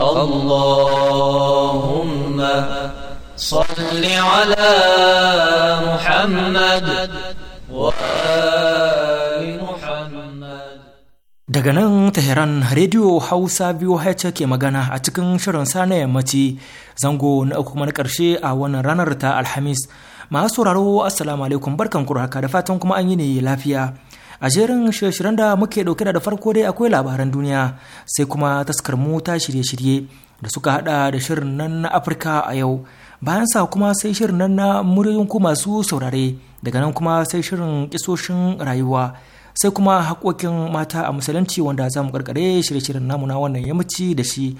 اللهم صل على محمد Daga nan taheran rediyo Hausa biyu haice ke magana a cikin shirin sa na yammaci zango na uku na ƙarshe a wannan ranar ta Alhamis. Masu sauraro Assalamu alaikum barkan kurhaka da fatan kuma an yi ne lafiya. a jerin shirye-shiryen da muke dauke da farko dai akwai labaran duniya sai kuma taskar mu ta shirye-shirye da suka hada da shirin nan na afirka a yau bayan sa kuma sai shirin nan na muryoyin ku masu saurare daga nan kuma sai shirin kisoshin rayuwa sai kuma haƙoƙin mata a musulunci wanda za mu karkare shirye-shiryen namu na wannan yammaci da shi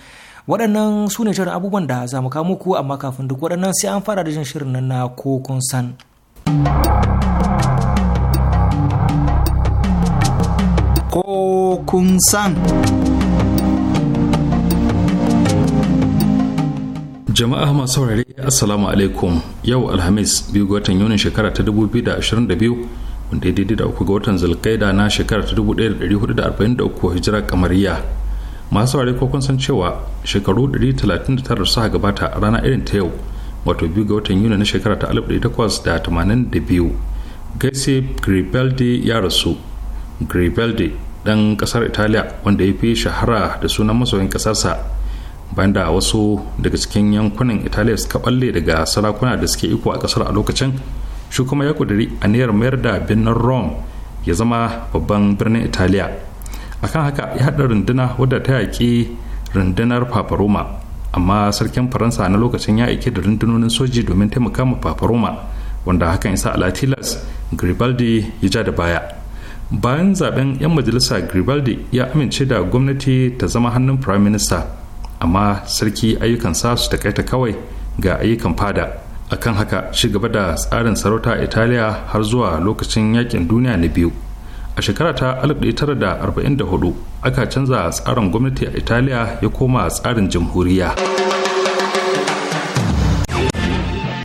waɗannan su ne shirin abubuwan da za mu kawo muku amma kafin duk waɗannan sai an fara da jin shirin nan na ko kun san. ko kun san. Jama'a masu saurare Assalamu alaikum yau Alhamis biyu ga watan Yunin shekara ta 2022 wanda ya daidai da uku ga watan zalkaida na shekara ta 1443 hijira kamariya. Masu saurare ko kun san cewa shekaru 139 suka gabata a rana irin ta yau wato biyu ga watan Yuni na shekara ta 1882 gaisi Gribaldi ya rasu gribaldi ɗan ƙasar italiya wanda ya fi shahara da sunan masoyin ƙasarsa da wasu daga cikin yankunan italiya suka balle daga sarakuna da suke iko a ƙasar a lokacin shi kuma ya ƙudiri aniyar mayar da birnin rome ya zama babban birnin italiya akan haka ya haɗa runduna wadda ta yaƙi rundunar roma amma sarkin faransa na lokacin ya aike da rundunonin soji domin taimaka ma roma wanda hakan ya sa alatilas gribaldi ya ja da baya bayan zaben 'yan majalisa gribaldi ya amince da gwamnati ta zama hannun prime minister amma sarki ayyukan sa su takaita kawai ga ayyukan fada akan haka ci gaba da tsarin sarauta italiya har zuwa lokacin yakin duniya na biyu a shekara ta 1944 aka canza tsarin gwamnati a italiya ya koma tsarin jamhuriya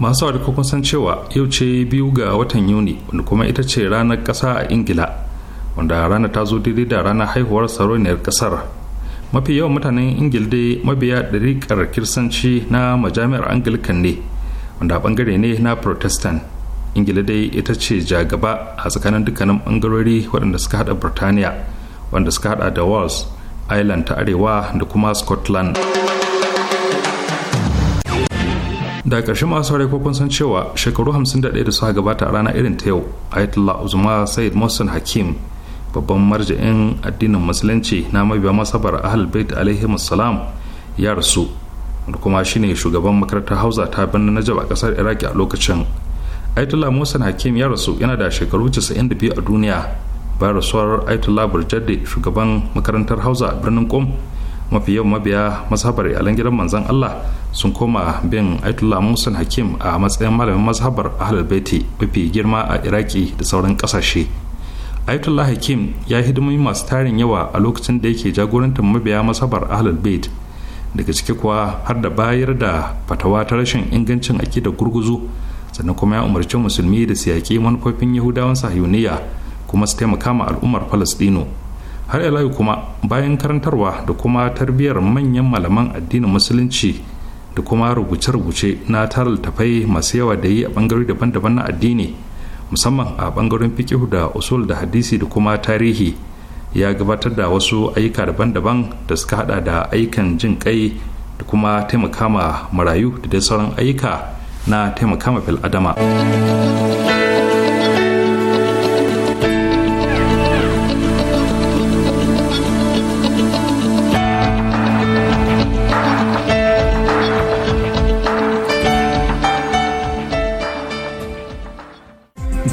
masu kun san cewa yau ce biyu ga watan yuni wanda kuma ita ce ranar ƙasa a ingila wanda rana ta zo daidai da ranar haihuwar sarauniyar kasar mafi yawan mutanen ingilde mabiya ɗariƙar kirsanci na majami'ar anglican ne wanda bangare ne na protestant ingila dai ita ce jagaba a tsakanin dukkanin bangarori waɗanda suka haɗa birtaniya wanda suka haɗa da wales island ta arewa da kuma scotland da ƙarshe masu rai ko kun san cewa shekaru 51 da suka gabata a rana irin ta yau ayatollah uzuma said mohsen hakim babban marja'in addinin musulunci na mabiya masabar ahal bait alaihi salam ya rasu wanda kuma shine shugaban makarantar hausa ta birnin najab a kasar iraki a lokacin aitullah musa hakim ya rasu yana da shekaru 92 a duniya bayan rasuwar aitullah burjadde shugaban makarantar hausa a birnin kom mafi yawan mabiya mazhabar a gidan manzon Allah sun koma bin Aitullah Musa Hakim a matsayin malamin mazhabar Ahlul Baiti mafi girma a Iraki da sauran kasashe. Ayatollah Hakim ya yi hidimomi masu tarin yawa a lokacin da yake jagorantar mabiya masabar Ahlul Bait daga ciki kuwa har da bayar da fatawa ta rashin ingancin da gurguzu sannan kuma ya umarci musulmi da su manufofin yahudawan sahiyuniya kuma su taimaka ma al'ummar falastino har ilayu kuma bayan karantarwa da kuma tarbiyyar manyan malaman addinin musulunci da kuma rubuce-rubuce na tarar tafai masu yawa da yi a bangarori daban-daban na addini musamman a bangaren fikihu da usul da hadisi da kuma tarihi ya gabatar da wasu ayyuka daban-daban da suka hada da ayyukan jin kai da kuma taimaka marayu da dai sauran ayyuka na taimaka ma fil'adama.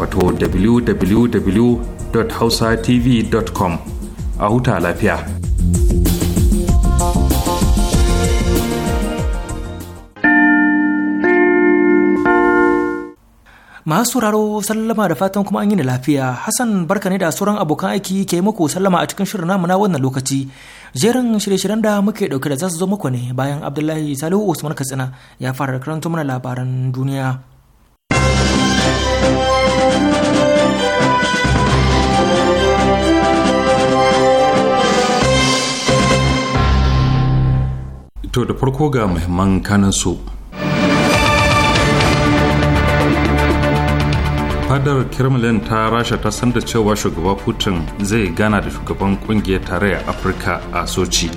wato www.hausatv.com a huta lafiya. Masu sauraro sallama da fatan kuma an yi da lafiya Hassan barka ne da sauran abokan aiki ke muku sallama a cikin shirin namu na wannan lokaci jerin shirye-shiryen da muke dauke da za su zo muku ne bayan Abdullahi Salihu Usman Katsina ya fara karanta mana labaran duniya. To da farko ga muhimman kanan su. Fadar Kremlin ta rasha ta sanda cewa shugaba Putin zai gana da shugaban kungiyar tarayyar Afirka a Sochi.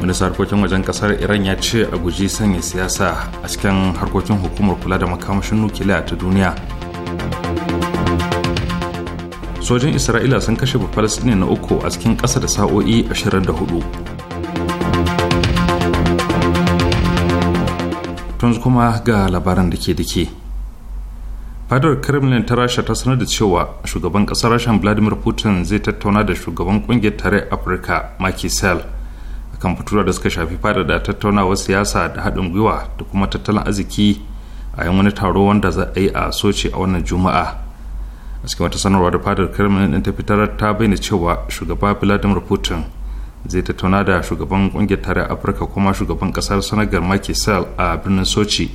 Minista harkokin wajen kasar Iran ya ce a guji sanya siyasa a cikin harkokin hukumar kula da makamashin nukiliya ta duniya. sojin isra'ila sun kashe bafalasɗini na uku a cikin ƙasa da sa'o'i 24 tun kuma ga labaran da ke dake fadar kremlin ta rasha ta sanar da cewa shugaban ƙasar rasha vladimir putin zai tattauna da shugaban ƙungiyar tare afirka Macky Sall akan fitura da suka shafi fadada tattaunawar siyasa da haɗin gwiwa da kuma tattalin arziki a yin wani taro wanda za a yi a soci a wannan juma'a a cikin wata sanarwa da fadar kremlin din ta fitar ta bayyana cewa shugaba vladimir putin zai tattauna da shugaban ƙungiyar tare afirka kuma shugaban kasar sanagar maki sel a birnin sochi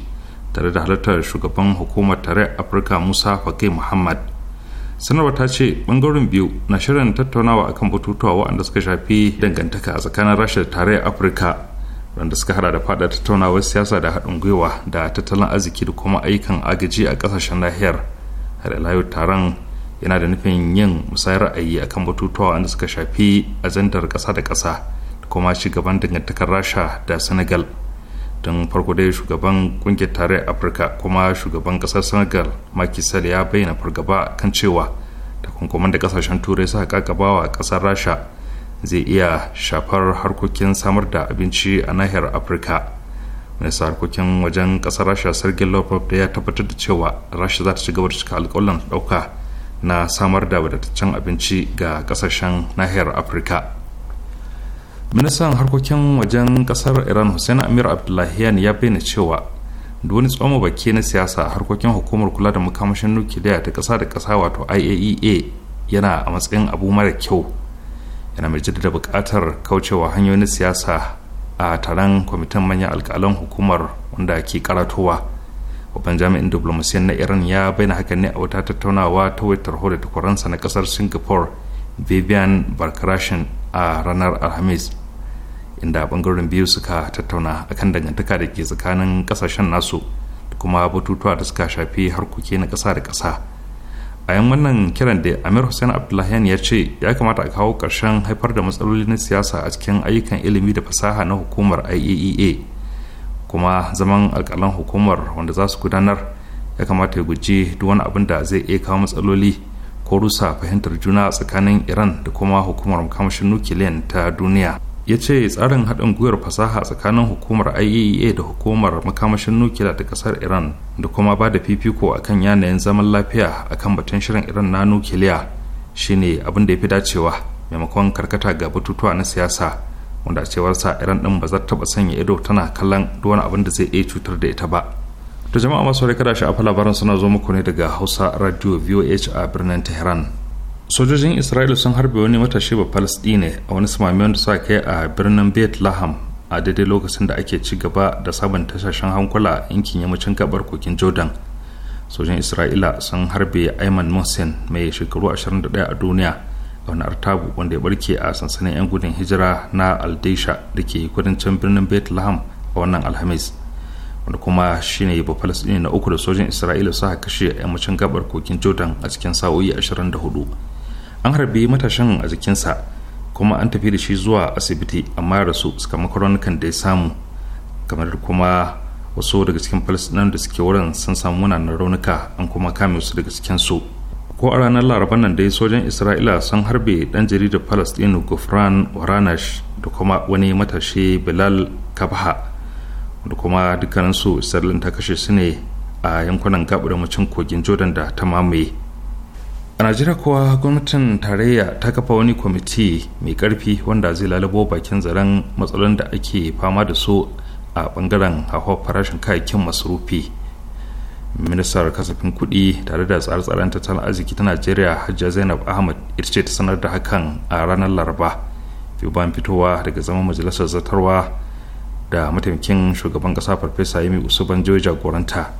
tare da halartar shugaban hukumar tare afirka musa fagai muhammad sanarwa ta ce bangaren biyu na shirin tattaunawa akan batutuwa waɗanda suka shafi dangantaka a tsakanin rasha da tare afirka wanda suka hada da fada tattaunawar siyasa da haɗin gwiwa da tattalin arziki da kuma ayyukan agaji a ƙasashen nahiyar har ila yau taron yana da nufin yin musayar ra'ayi akan batutuwa wanda suka shafi ajandar ƙasa da ƙasa da kuma shugaban dangantakar rasha da senegal don farko dai shugaban kungiyar tarayyar afirka kuma shugaban ƙasar senegal makisal ya bayyana fargaba kan cewa takunkuman da ƙasashen turai suka kakabawa ƙasar rasha zai iya shafar harkokin samar da abinci a nahiyar afirka minista harkokin wajen ƙasar rasha sergei lavrov da ya tabbatar da cewa rasha za ta ci gaba da cika alƙawalan ɗauka na samar da wadataccen abinci ga kasashen nahiyar afirka ministan harkokin wajen kasar iran hussein amir abdullahian ya bayyana cewa da wani tsoma baki na siyasa harkokin hukumar kula da makamashin nukiliya ta kasa da kasa wato iaea e yana a matsayin abu mara kyau yana mai jaddada buƙatar kaucewa hanyoyin siyasa a taron kwamitin manyan alkalan hukumar wanda ke karatowa babban jami'in diplomasiyyar na iran ya bayyana hakan ne a wata tattaunawa ta wayar da takwaransa na kasar singapore vivian barkarashin a ranar alhamis inda bangaren biyu suka tattauna akan dangantaka da ke tsakanin kasashen nasu da kuma batutuwa da suka shafi harkoki na kasa da kasa. a yan wannan kiran da amir hussein abdullahian ya ce ya kamata a kawo ƙarshen haifar da matsaloli na siyasa a cikin ayyukan ilimi da fasaha na hukumar iaea e kuma zaman alkalan hukumar wanda za su gudanar ya kamata ya guji duk wani abin da zai iya kawo matsaloli ko rusa fahimtar juna tsakanin iran da kuma hukumar makamashin nukiliyan ta duniya ya ce tsarin haɗin gwiwar fasaha tsakanin hukumar iaea e da hukumar makamashin nukiliya da ƙasar iran da kuma ba da fifiko akan yanayin zaman lafiya akan batun shirin iran na nukiliya shine abin da ya fi dacewa maimakon karkata ga batutuwa na siyasa wanda cewarsa iran din ba za taɓa sanya ido tana kallon wani abin da zai iya cutar da ita ba da jama'a masu rai kada sha'afa labaran suna zo muku ne daga hausa radio voh a birnin tehran sojojin isra'ila sun harbe wani matashi ba palestine a wani samami da suka kai a birnin beit laham a daidai lokacin da ake ci gaba da sabon tashashen hankula yankin yammacin gabar kokin jordan sojojin isra'ila sun harbe ayman mohsen mai shekaru 21 a duniya ƙaunar artabu wanda ya barke a sansanin 'yan gudun hijira na Aldeisha da ke kudancin birnin bethlehem a wannan alhamis wanda kuma shi shine ba falasɗini na uku da sojin isra'ila suka kashe a yammacin gabar kokin jordan a cikin sa'o'i hudu an harbi matashin a jikinsa kuma an tafi da shi zuwa asibiti amma ya rasu sakamakon raunukan da ya samu kamar kuma wasu daga cikin falasɗinan da suke wurin sun samu munanan raunuka an kuma kame su daga cikin su ko a ranar laraban nan dai sojan isra'ila sun harbe dan jaridar palestine gufran waranash da kuma wani matashi bilal kabha da kuma dukkaninsu isra'ilin ta kashe su ne a yankunan mucin kogin jordan da ta mamaye a najeriya kuwa gwamnatin tarayya ta kafa wani kwamiti mai karfi wanda zai lalabo bakin zaren matsalolin da ake fama da su a bangaren hawa farashin kayayyakin masarufi ministar kasafin kuɗi tare da tsare-tsaren tattalin arziki ta najeriya hajjia zainab ahmad ita ce ta sanar da hakan a ranar laraba biyu bayan fitowa daga zaman majalisar zartarwa da mataimakin shugaban ƙasa farfesa yemi usubanjo jagoranta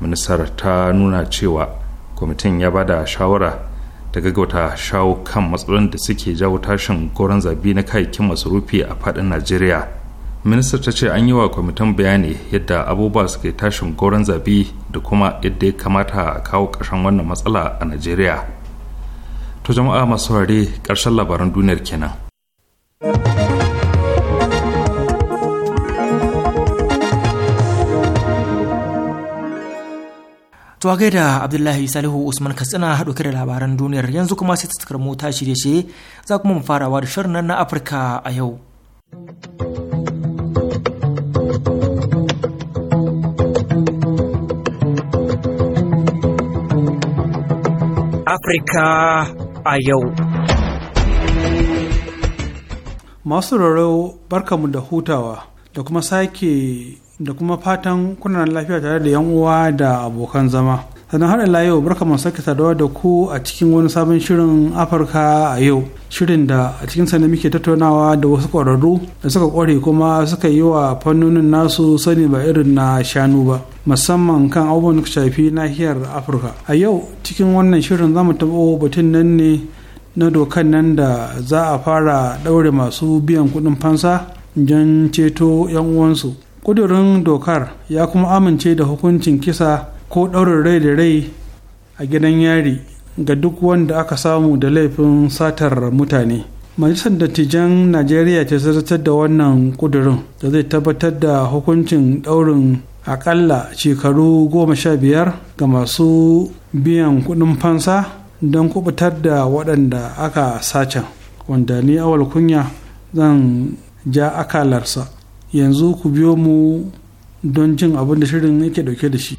ministar ta nuna cewa kwamitin ya ba da shawara ta gaggauta shawo kan matsalolin da suke jawo tashin goron zabi na kayayyakin masarufi a faɗin najeriya minista ta ce an yi wa kwamitin bayani yadda abubuwa suke tashin goron zabi da kuma yadda ya kamata a kawo ƙarshen wannan matsala a najeriya to jama'a masu ware ƙarshen labaran duniyar kenan To a da Abdullahi Salihu Usman Katsina haɗu da labaran duniyar yanzu kuma sai ta mota shirye-shirye za kuma mu farawa da shirin na Afirka a yau. Afirka a yau. Masu rarau barkamu da hutawa da kuma sake da kuma fatan kunan lafiya tare da 'yan uwa da abokan zama. sannan har ila yau barka mu sake saduwa da ku a cikin wani sabon shirin afirka a yau shirin da a cikin sani muke tattaunawa da wasu kwararru da suka kware kuma suka yi wa fannonin nasu sani ba irin na shanu ba musamman kan abubuwan da shafi nahiyar afirka a yau cikin wannan shirin zamu mu taɓo batun nan ne na dokan nan da za a fara ɗaure masu biyan kuɗin fansa don ceto 'yan uwansu ƙudurin dokar ya kuma amince da hukuncin kisa ko ɗaurin rai da rai a gidan yari ga duk wanda aka samu da laifin satar mutane majalisar dattijan najeriya ta zartar da wannan kudurin da zai tabbatar da hukuncin ɗaurin akalla shekaru goma sha biyar ga masu biyan kuɗin fansa don kubutar da waɗanda aka sace wanda ni awal kunya zan ja akalarsa yanzu ku biyo mu don jin abin da shirin yake dauke da shi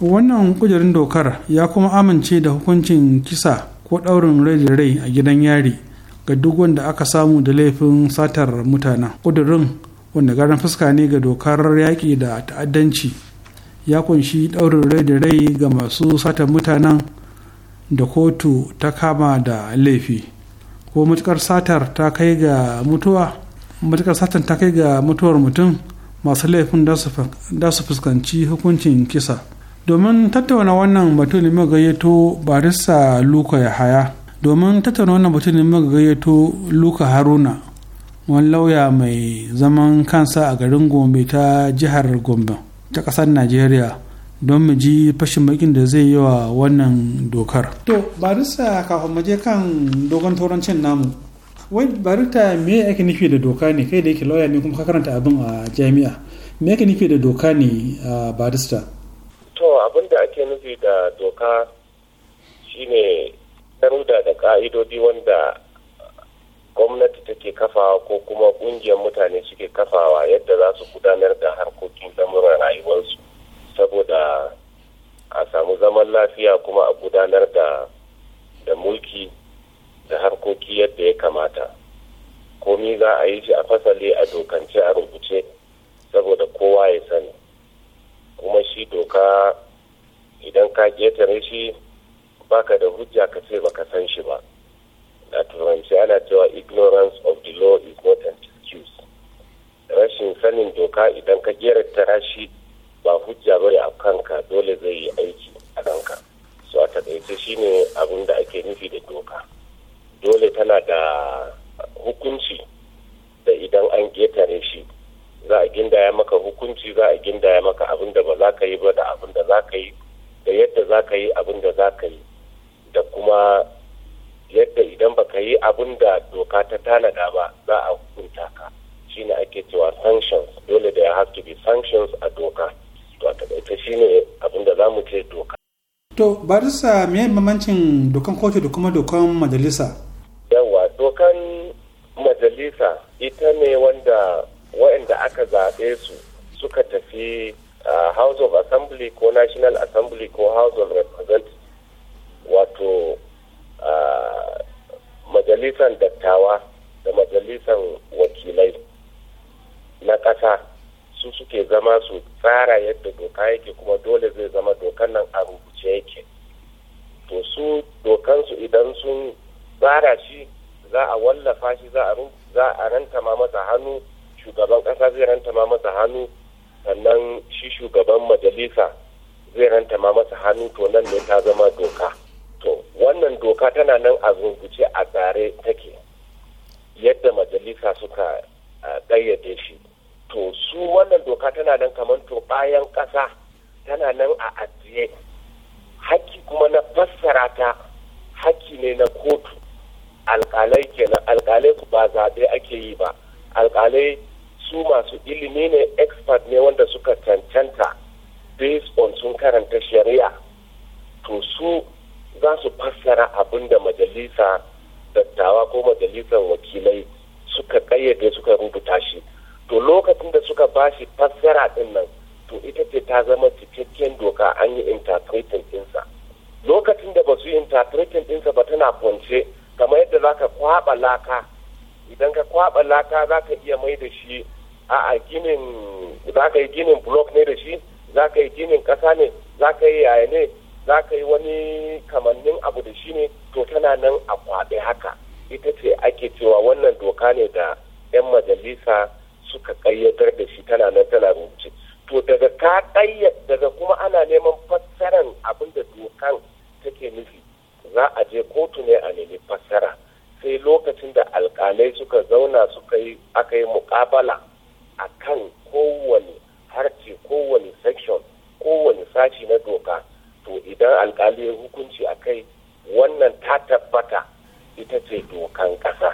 wannan kujerun dokar ya kuma amince da hukuncin kisa ko ɗaurin rai da rai a gidan yari ga duk wanda aka samu da laifin satar mutanen ƙudurin wanda garin fuska ne ga dokar yaƙi da ta'addanci ya kunshi ɗaurin rai da rai ga masu satar mutanen da kotu ta kama da laifi ko matukar satar ta kai ga mutuwa matukar satar ta kai ga mutuwar mutum masu laifin da su fuskanci hukuncin kisa domin tattauna wannan batun ne gayyato barista luka yahaya domin tattauna wannan batun ne gayyato luka haruna wani lauya mai zaman kansa a garin gombe ta jihar gombe ta kasar najeriya don mu ji fashin bakin da zai yi wa wannan dokar to barista kafin mu je kan dogon turancin namu wai barista me ake nufi da doka ne kai da yake lauya ne kuma ka karanta abin a jami'a me ake nufi da doka ne a barista to abin da ake nufi da doka shine daruda da ka'idodi wanda gwamnati take kafawa ko kuma kungiyar mutane suke kafawa yadda za su gudanar da harkokin lamuran rayuwarsu saboda a samu zaman lafiya kuma a gudanar da da mulki da harkoki yadda ya kamata komi za a yi shi a fasali a dokance a rubuce saboda kowa ya sani kuma shi doka idan ka ƙetare shi baka da hujja ka ce baka san shi ba Da turanci ana cewa ignorance of the law is not an excuse rashin sanin doka idan ka gera tarashi ba hujja bane a kanka dole zai yi aiki a kanka so a taƙaice shine abin da ake nufi da doka dole tana da hukunci da idan an getare shi za a gindaya maka hukunci za a gindaya maka abin da ba za ka yi ba da abin da za ka yi da yadda za ka yi abin da za ka yi da kuma yadda idan baka yi abin da doka ta tanada ba za a hukunta ka ne ake cewa sanctions dole da ya have to be sanctions a doka to a shi ne abin da za mu ce doka to barisa me mamancin dokan kotu da kuma dokan majalisa yawa dokan majalisa ita ne wanda waɗanda aka zaɓe su suka tafi house of assembly ko national assembly ko house of representatives wato majalisar dattawa da majalisar wakilai na ƙasa su suke zama su tsara yadda doka yake kuma dole zai zama dokan nan a rubuce yake to su dokansu idan sun tsara shi za a wallafa shi za a ranta ma masa hannu shugaban ƙasa zai ma masa hannu sannan shi shugaban majalisa zai ranta masa hannu to nan ne ta zama doka to wannan doka tana nan a zunguce a tsare take yadda majalisa suka ƙayyade shi to su wannan doka tana nan kamar to bayan ƙasa tana nan a ajiye hakki kuma na fassara ta hakki ne na kotu alƙalai kenan alkalai ba zaɓe ake yi ba alkalai su masu ilimi ne expert ne wanda suka cancanta based on sun karanta shari'a to su za su fassara abin da majalisa dattawa ko majalisar wakilai suka kayyade suka rubuta shi to lokacin da suka ba shi fassara din nan to ita ce ta zama cikakken doka an yi interpreting dinsa lokacin da ba su yi interpreting dinsa ba tana kwance kamar yadda za ka kwaba laka idan ka kwaba laka za ka iya mai da shi a'a ginin za ka yi ginin block ne da shi za ka yi ginin ƙasa ne za ka yi yaya ne za ka yi wani kamannin abu da shi ne to tana nan a kwaɗe haka ita ce ake cewa wannan doka ne da 'yan majalisa suka ƙayyatar da shi tana nan tana rubuce to daga ka daga kuma ana neman fassaran abin da dokan take nufi za a je kotu ne a nemi fassara sai lokacin da alkalai suka zauna suka yi aka yi mukabala a kan kowane harce kowane section kowane sashi na doka to idan alkali ya hukunci a kai wannan ta tabbata ita ce dokan ƙasa.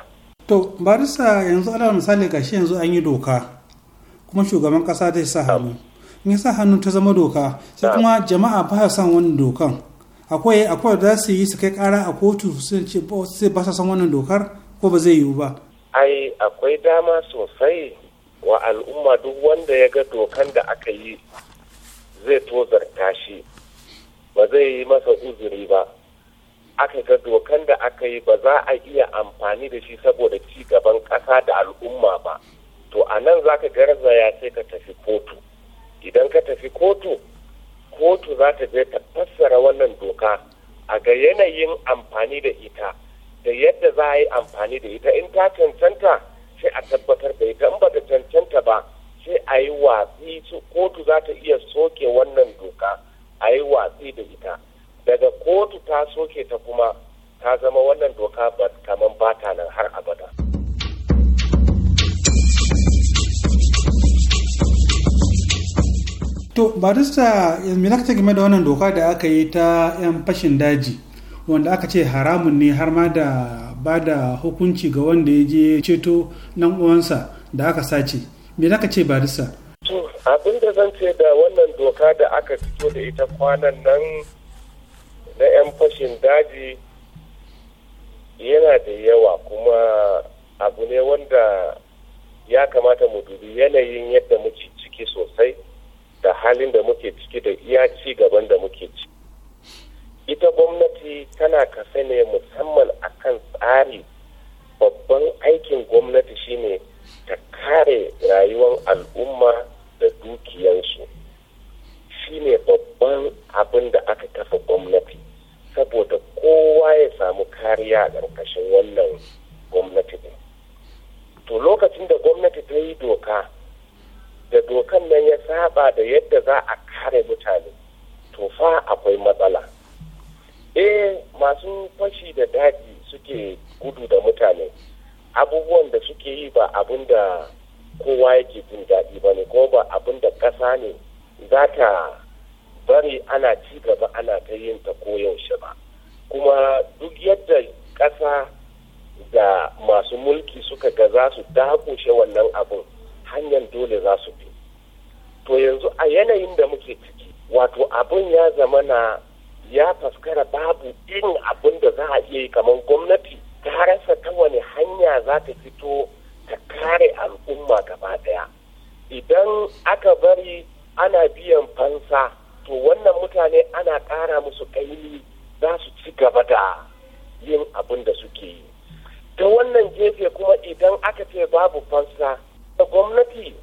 to barisa yanzu ala misali gashi yanzu an yi doka kuma shugaban ƙasa zai sa hannu in sa hannu ta zama doka sai kuma jama'a ba sa son wannan dokan akwai akwai da su yi su kai kara a kotu sun ce ba sa son wannan dokar ko ba zai yiwu ba ai akwai dama sosai wa al'umma duk wanda ya ga dokan da aka yi zai tozarta shi ba zai yi masa uzuri ba aka ga dokan da aka yi ba za a iya amfani da shi saboda ci gaban ƙasa da al'umma ba to a nan za ka garzaya sai ka tafi kotu idan ka tafi kotu kotu za ta je ta fassara wannan doka a ga yanayin amfani da ita da yadda za a yi amfani da ita in ta cancanta sai a tabbatar da gamba da cancanta ba sai a yi watsi su kotu za ta iya soke wannan doka a yi watsi da ita daga kotu ta soke ta kuma ta zama wannan doka ba kamar bata nan har abada. To, barista me za game da wannan doka da aka yi ta 'yan fashin daji wanda aka ce haramun ne har ma da ba da hukunci ga wanda ya je ceto nan uwansa da aka sace me zaka ce barisa. abin da zan ce da wannan doka da aka fito da ita kwanan nan na 'yan fashin daji yana da yawa kuma abu ne wanda ya kamata mu dubi yanayin yadda muke ciki sosai da halin da muke ciki da iya ci gaban da muke ciki ita gwamnati tana kafe ne musamman kan tsari babban aikin gwamnati shine ta kare rayuwar al'umma da dukiyansu shine babban abin da aka kafa gwamnati saboda kowa ya samu kariya a ƙarƙashin wannan gwamnati ne to lokacin da gwamnati ta yi doka da dokan nan ya saba da yadda za a kare mutane to fa akwai matsala eh masu fashi da daji suke gudu da mutane abubuwan da suke yi ba abin da kowa yake jin daɗi ba ne ko ba abin da ƙasa ne za ta bari ana ci gaba ana ta yin ta koyaushe ba kuma duk yadda ƙasa da masu mulki suka ga za su dakushe wannan abin hanyar dole za su bi to yanzu a yanayin da muke ciki wato abin ya zama na ya faskara babu irin abin da za a iya yi kamar gwamnati ta rasa ta wani hanya za ta fito ta kare al'umma gaba daya idan aka bari ana biyan fansa to wannan mutane ana ƙara musu ƙaimi za su ci gaba da yin abin da suke yi ta wannan gefe kuma idan aka ce babu fansa da gwamnati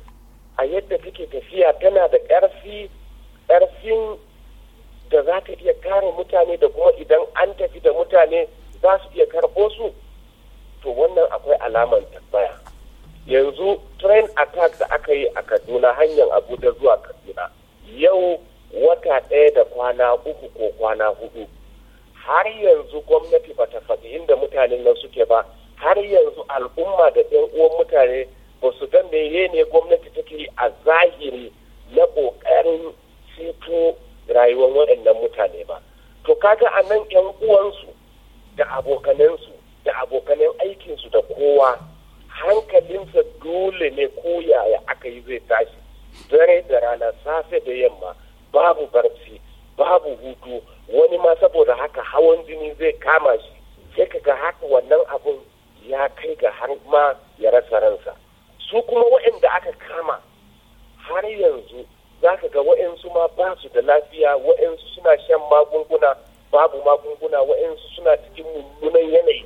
a yadda take tafiya tana da ƙarfi ƙarfin da za ka iya kare mutane da kuma idan an tafi da mutane za su iya karɓo su to wannan akwai alaman tambaya yanzu train attack da aka yi a kaduna hanyar abuja zuwa kaduna yau wata ɗaya da kwana uku ko kwana hudu har yanzu gwamnati ba ta faɗi inda mutanen nan suke ba har yanzu al'umma da ɗan uwan mutane ba su ga meye ne gwamnati take yi a zahiri na ƙoƙarin ceto rayuwar waɗannan mutane ba to kaga a nan yan uwansu da abokanansu da abokanan aikinsu da kowa hankalinsa dole ne ko yaya aka yi zai tashi dare da rana safe da yamma babu barci babu hutu wani ma saboda haka hawan jini zai kama shi sai ga haka wannan abun ya kai ga har ma ya rasa ransa su kuma waɗanda aka kama har yanzu za ka ga wa'yansu ma ba su da lafiya wa'yansu suna shan magunguna babu magunguna wa'yansu suna cikin mummunan yanayi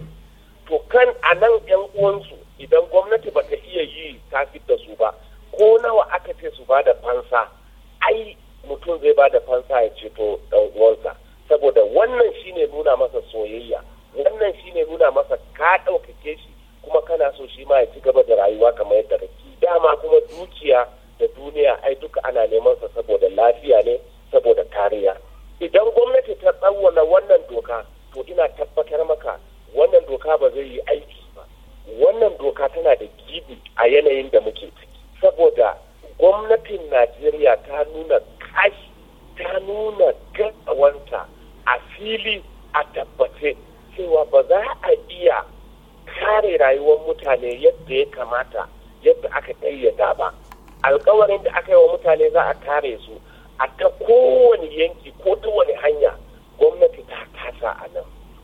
to kan a nan 'yan uwansu idan gwamnati ba ta iya yi ta da su ba ko nawa aka ce su ba da fansa ai mutum zai ba da fansa ya ceto dan uwansa saboda wannan shine nuna masa soyayya wannan shine nuna masa ka ɗaukake shi kuma kana so shi ma ya ci gaba da rayuwa kamar yadda kake dama kuma dukiya da duniya ai duka ana neman sa saboda lafiya ne saboda kariya idan gwamnati ta tsawwala wannan doka to ina tabbatar maka wannan doka ba zai yi aiki ba wannan doka tana da gibi a yanayin da muke ciki saboda gwamnatin najeriya ta nuna kashi ta nuna gatsawanta a fili a tabbace cewa ba za a iya kare rayuwar mutane yadda ya kamata yadda aka ƙayyada ba alkawarin da aka yi wa mutane za a kare su a ta kowane yanki ko ta wani hanya gwamnati ta kasa a nan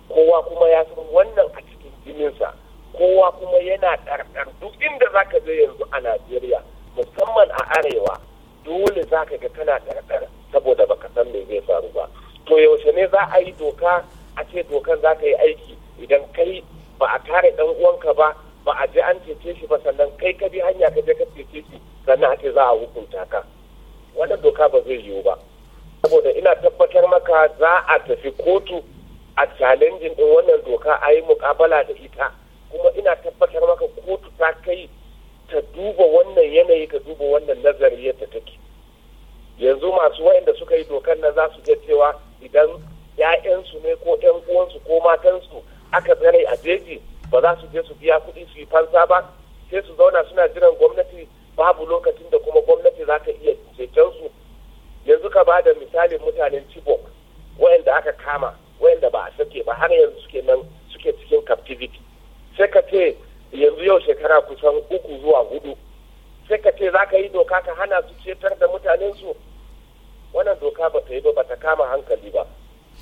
kowa kuma ya san wannan a cikin jininsa kowa kuma yana ɗarɗar duk inda za ka je yanzu a najeriya musamman a arewa dole za ka ga kana ɗarɗar saboda baka san me zai faru ba to yaushe ne za a yi doka a ce dokan za ka yi aiki idan kai ba a kare ɗan uwanka ba ba a je an cece shi ba sannan kai ka bi hanya ka je ka cece shi sannan a za a hukunta ka wannan doka ba zai yiwu ba saboda ina tabbatar maka za a tafi kotu a challenging din wannan doka a yi mukabala da ita kuma ina tabbatar maka kotu ta kai ta duba wannan yanayi ta duba wannan nazari yadda take yanzu masu wa'inda suka yi dokar nan za su ga cewa idan ‘ya'yansu ne ko ‘yan uwansu ko matansu aka tsare a jeji ba za su je su biya kuɗi su yi fansa ba sai su zauna suna jiran gwamnati babu lokacin da kuma gwamnati za ta iya ceton su yanzu ka ba da misalin mutanen chibok wayanda aka kama wayanda ba a sake ba har yanzu suke nan suke cikin captivity sai ka ce yanzu yau shekara kusan uku zuwa hudu sai ka ce za ka yi doka ka hana su cetar da mutanen su wannan doka ba ta yi ba ba ta kama hankali ba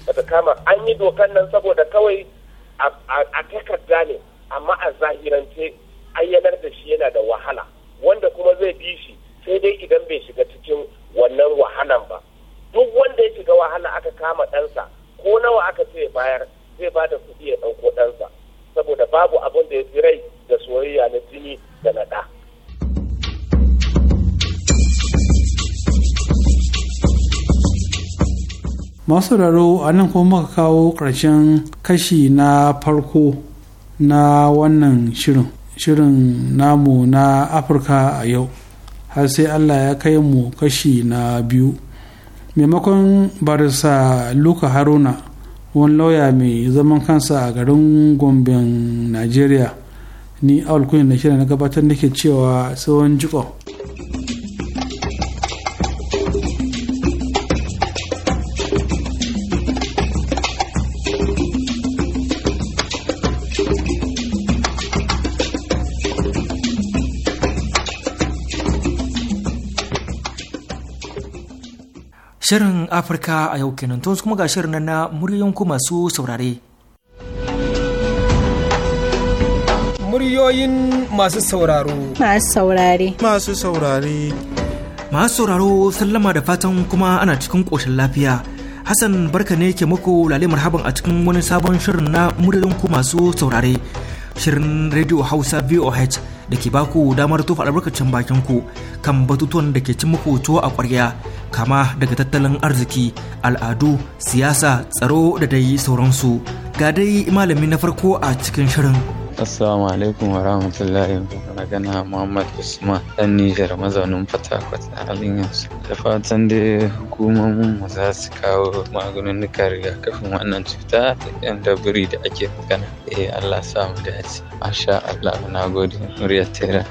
ba ta kama an yi dokan nan saboda kawai a takarda ne amma a zahirance ayyanar da shi yana da wahala wanda kuma zai bi shi sai dai idan bai shiga cikin wannan wahalan ba duk wanda ya shiga wahala aka kama ɗansa ko nawa aka ce bayar zai ba da kuɗi ya ɗauko ɗansa saboda babu abin da ya fi rai da soyayya na jini da na ɗa. masu raro a nan kuma muka kawo ƙarshen kashi na farko na wannan shirin shirin namu na afirka a yau har sai allah ya kai mu kashi na biyu maimakon barisa luka haruna wani lauya mai zaman kansa a garin gomben nigeria ni alkunin na shirin na gabatar nake cewa tsawon jikon. Shirin Afirka a yau kenan to kuma ga shirin na muryoyin masu saurare. Muryoyin masu sauraro. Masu saurare. Masu saurare. Masu sauraro sallama da fatan kuma ana cikin ƙoshin lafiya. Hassan barka ne ke muku lale marhaban a cikin wani sabon shirin na muryoyin masu saurare. Shirin Radio Hausa VOH da ke baku damar tufa albarkacin bakin ku kan batutuwan da ke cin muku tuwo a ƙwarya. kama daga tattalin arziki al'adu siyasa tsaro da dai sauransu ga dai malami na farko a cikin shirin Assalamu alaikum wa rahmatullahi magana Muhammad Usman dan Nijar mazaunin Fatakwat a halin yanzu. Da fatan da hukumomin mu za su kawo magungunukan rigakafin wannan cuta da yan dabiri da ake magana. Eh Allah sa mu dace. Masha Allah na gode muryar tera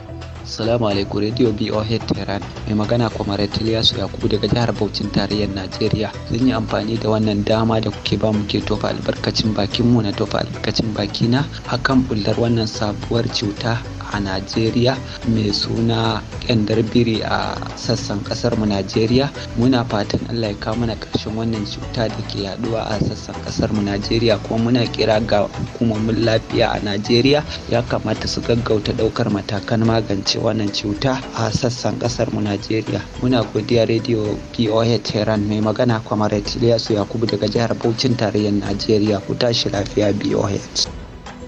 Assalamu alaikum Radio BOH Tehran. Mai magana Kwamare Tiliyasu Yakubu daga jihar Bauchin tarayyar Najeriya. Zan yi amfani da wannan dama da kuke ba mu ke tofa albarkacin bakin mu na tofa albarkacin baki na. akan bullar wannan sabuwar cuta a najeriya mai suna ƙyandar biri a sassan kasar mu najeriya muna fatan allah ya kawo mana ƙarshen wannan cuta da ke yaduwa a sassan kasar mu najeriya kuma muna kira ga hukumomin lafiya a najeriya ya kamata su gaggauta ɗaukar matakan magance wannan cuta a sassan kasar mu najeriya muna godiya rediyo POH tehran mai magana kwamar su yakubu daga jihar bauchin tarayyar najeriya ku tashi lafiya boh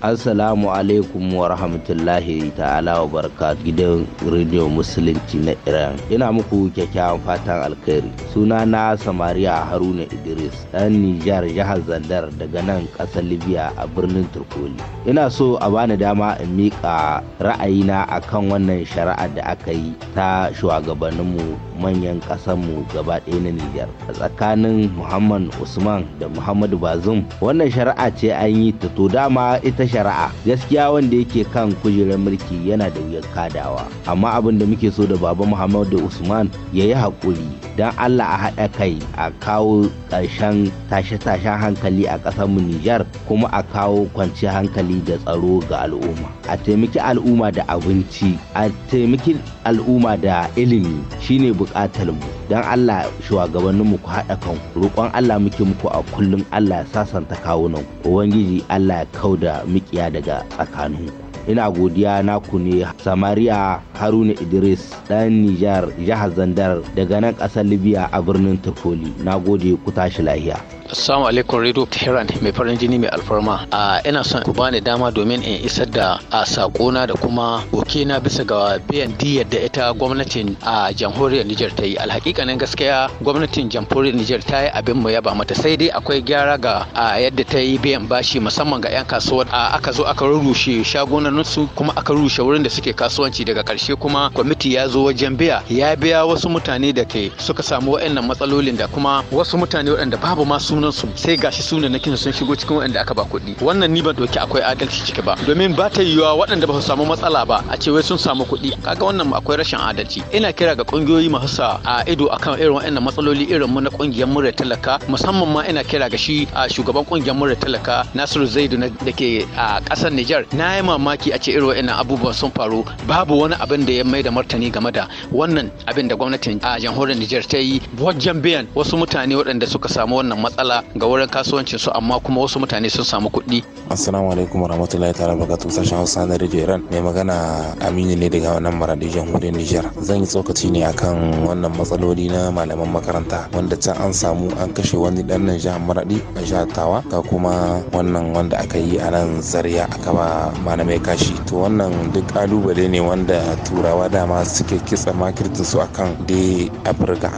assalamu alaikum wa rahmatullahi ta'ala wa barka gidan rediyo musulunci na iran ina muku kyakkyawan fatan alkhairi suna na samariya haruna idris ɗan nijar jihar zandar daga nan ƙasar libya a birnin Tripoli. ina so a bani dama in miƙa ra'ayina a kan wannan shari'a da aka yi ta shugabanninmu manyan ƙasarmu gaba ɗaya na nijar a tsakanin muhammad usman da muhammadu bazum wannan shari'a ce an yi ta to dama ita shari'a gaskiya wanda yake kan kujerar mulki yana da wuyar kadawa amma abin da muke so da baba muhammadu usman ya yi haƙuri don allah a haɗa kai a kawo ƙarshen tashe-tashen hankali a ƙasarmu nijar kuma a kawo kwanci hankali da tsaro ga al'umma a taimaki al'umma da abinci a taimaki al'umma da ilimi shine buƙatar mu don allah shugabanninmu ku haɗa kan roƙon allah muke muku a kullum allah ya sasanta kawunan ubangiji allah ya kauda muke rikiya daga tsakanin ina godiya naku ne samaria haruna idris ɗan nijar jihar zandar daga nan ƙasar libya a birnin tripoli na gode ku tashi lahiya Assalamu alaikum Radio Tehran mai farin jini mai alfarma. A ina son ku bani dama domin in isar da a sakona da kuma na bisa ga biyan diyar da ita gwamnatin a jamhuriyar Nijar ta yi. Alhakikanin gaskiya gwamnatin jamhuriyar Nijar ta yi abin mu yaba mata sai dai akwai gyara ga a yadda ta yi biyan bashi musamman ga 'yan kasuwar a aka zo aka rurrushe shagunansu kuma aka rushe wurin da suke kasuwanci daga karshe kuma kwamiti ya zo wajen biya ya biya wasu mutane da ke suka samu wa'annan matsalolin da kuma wasu mutane waɗanda babu ma suna sunan su sai gashi sunan nakin sun shigo cikin waɗanda aka ba kuɗi wannan ni ban doki akwai adalci ciki ba domin ba ta yiwuwa waɗanda ba su samu matsala ba a ce wai sun samu kuɗi kaga wannan akwai rashin adalci ina kira ga ƙungiyoyi masu sa a ido akan irin waɗannan matsaloli irin mu na ƙungiyar murya talaka musamman ma ina kira ga shi a shugaban ƙungiyar murya talaka Nasiru Zaidu da ke a ƙasar Nijar na yi mamaki a ce irin waɗannan abubuwan sun faru babu wani abin da ya mai da martani game da wannan abin da gwamnatin a jamhuriyar Nijar ta yi wajen biyan wasu mutane waɗanda suka samu wannan matsala matsala ga wurin kasuwancin su amma kuma wasu mutane sun samu kuɗi. Assalamu alaikum warahmatullahi ta'ala barakatuh sashen Hausa na Radio Iran mai magana Aminu ne daga wannan maradin jamhuriyar Nijar. Zan yi tsokaci ne akan wannan matsaloli na malaman makaranta wanda can an samu an kashe wani dan nan jihar Maradi a jihar Tawa ga kuma wannan wanda aka yi a nan Zaria aka ba malamai kashi. To wannan duk kalubale ne wanda turawa dama suke kitsa makirtin su akan dai Afirka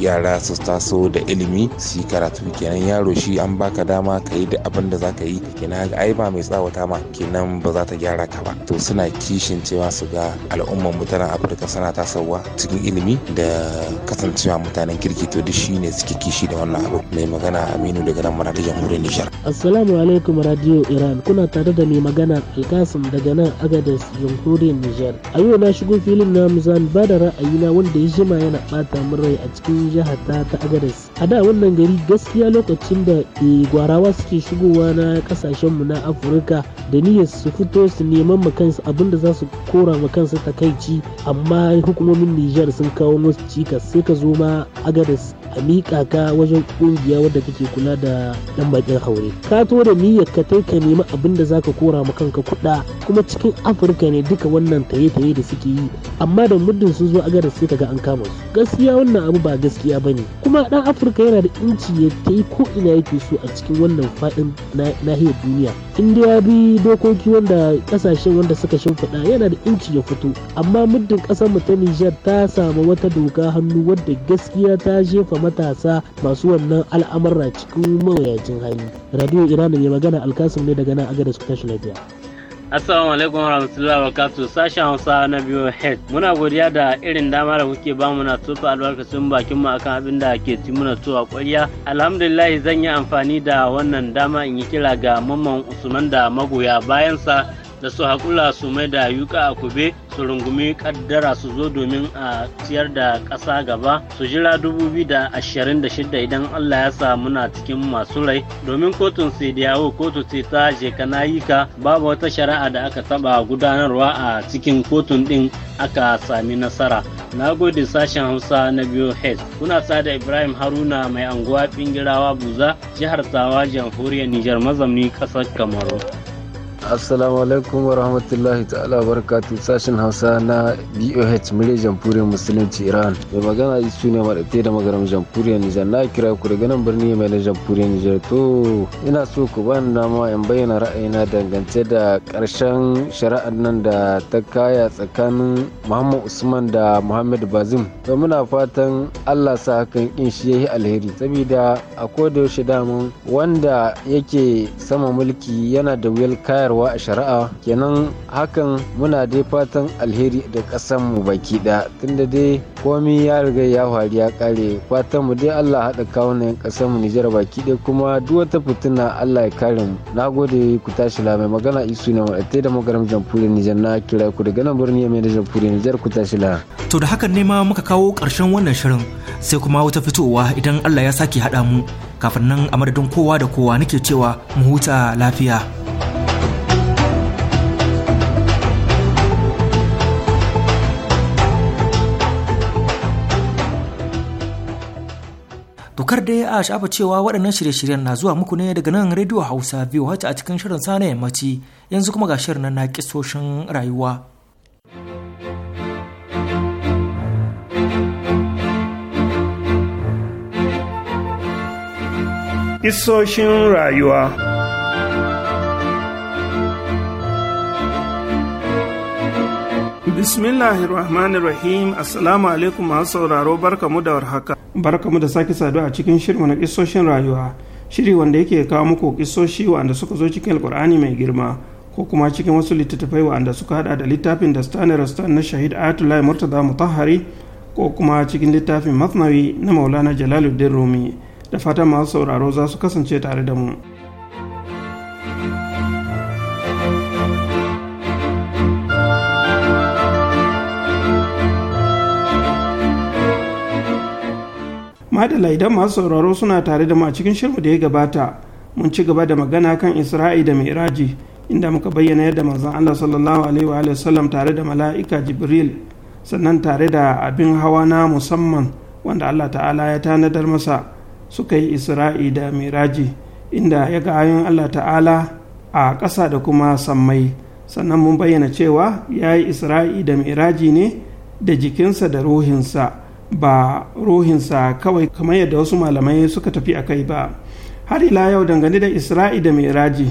yara su taso da ilimi su yi karatu kenan yaro shi an baka dama ka yi duk abin da zaka yi kenan ga ai ba mai tsawata ma kenan ba zata gyara ka ba to suna kishin cewa su ga al'umman mutanen afirka suna tasowa cikin ilimi da kasancewa mutanen kirki to duk shi ne suke kishi da wannan abu mai magana aminu daga nan mara jamhuriyar nijar assalamu alaikum radio iran kuna tare da mai magana alkasim daga nan agadas jamhuriyar nijar a yau na shigo filin na zan ba da ra'ayina wanda ya jima yana bata min rai a cikin jihar ta ta agadas a da wannan gari gaskiya lokacin da eh, gwarawa suke shigowa na mu na afirka da niyyar su fito su neman ma kansu abinda za su kora ma kansu takaici amma hukumomin nijar sun kawo musu cikas sai ka zo ma agadas a miƙa ka wajen ƙungiya wadda kake kula da ɗan bakin haure ka to da niyyar ka kai ka nemi abin da zaka kora ma kanka kuɗa kuma cikin afirka ne duka wannan taye-taye da suke yi amma da muddin sun zo agadas sai ka ga an kama su gaskiya wannan abu ba gaskiya bane kuma ɗan afirka yana da inci ya yi ko ina yake so a cikin wannan faɗin nahiyar duniya in dai ya bi dokoki wanda kasashen wanda suka shimfiɗa yana da inci ya fito amma muddin ƙasar mu ta Nijar ta samu wata doka hannu wadda gaskiya ta jefa matasa masu wannan al'amarra cikin mawuyacin hali radio iran mai magana alkasim ne daga nan agadas tashi lafiya Assalamu alaikum warahmatullahi wabarakatuh sashen Hausa na biyu head. Muna godiya da irin dama da kuke ba mu na tofa albarkacin bakin mu akan abin da ke ci muna tuwa ƙwarya. Alhamdulillah zan yi amfani da wannan dama in yi kira ga mamman Usman da magoya bayansa da su haƙula su mai da yuka a kube su rungumi kaddara su zo domin a ciyar da ƙasa gaba su jira dubu da da ashirin shida idan Allah ya sa muna cikin masu rai domin kotun sai yawo kotu ce ta je ka babu wata shari'a da aka taba gudanarwa a cikin kotun din aka sami nasara na gode sashen hausa na biyu hes kuna sa da ibrahim haruna mai anguwa bingirawa buza jihar tawa jamhuriyar nijar mazamni ƙasar kamaru assalamu alaikum wa rahmatullahi ta'ala barakatu sashen hausa na boh murya jamhuriyar musulunci iran mai magana su ne maɗaɗe da magaram jamhuriyar nijar na kira ku daga nan birni mai na jamhuriyar nijar to ina so ku bani dama in bayyana ra'ayina dangance da ƙarshen shari'ar nan da ta kaya tsakanin muhammad usman da muhammad bazim to muna fatan allah sa hakan in shi yayi alheri saboda a koda yaushe damun, wanda yake sama mulki yana da wuyar kayar bayarwa a shari'a kenan hakan muna dai fatan alheri da ƙasar mu baki da tunda dai komi ya riga ya faru ya kare fatan mu dai Allah haɗa kawunan yan ƙasar mu Nijar baki ɗaya kuma duk wata fitina Allah ya kare mu nagode ku tashi la mai magana isu ne mai da magaram jamfuri Nijar na kira ku daga nan birni mai da jamfuri Nijar ku tashi la to da hakan ne ma muka kawo ƙarshen wannan shirin sai kuma wata fitowa idan Allah ya sake haɗa mu kafin nan a madadin kowa da kowa nake cewa mu huta lafiya. dokar da ya shafa cewa waɗannan shirye-shiryen na zuwa muku ne daga nan rediyo Hausa biyu hata a cikin shirin sa na yammaci yanzu kuma ga shirin na kisoshin rayuwa. isoshin rayuwa Bismillahirrahmanirrahim Assalamu alaikum masu sauraro barkamu da warhaka. Barkamu da sake saduwa a cikin shirin na kisoshin rayuwa. Shiri wanda yake kawo muku kisoshi wanda suka zo cikin Alkur'ani mai girma ko kuma cikin wasu littattafai wanda suka hada da littafin da Stan Rastan na Shahid Ayatollah Murtaza Mutahhari ko kuma cikin littafin Masnawi na Maulana Jalaluddin Rumi. Da fatan masu sauraro za su kasance tare da mu. madala idan masu sauraro suna tare da mu a cikin shirmu da ya gabata mun ci gaba da magana kan isra'i da mi'raji inda muka bayyana yadda manzon allah sallallahu alaihi wa sallam tare da mala'ika jibril sannan tare da abin hawa na musamman wanda allah ta'ala ya tanadar masa suka yi isra'i da miraji inda ya ga ayin allah ta'ala a ƙasa da kuma sammai sannan mun bayyana cewa ya yi isra'i da miraji ne da jikinsa da ruhinsa ba ruhinsa kawai kamar yadda wasu malamai suka tafi a kai ba har ila yau dangane da isra'i da miraji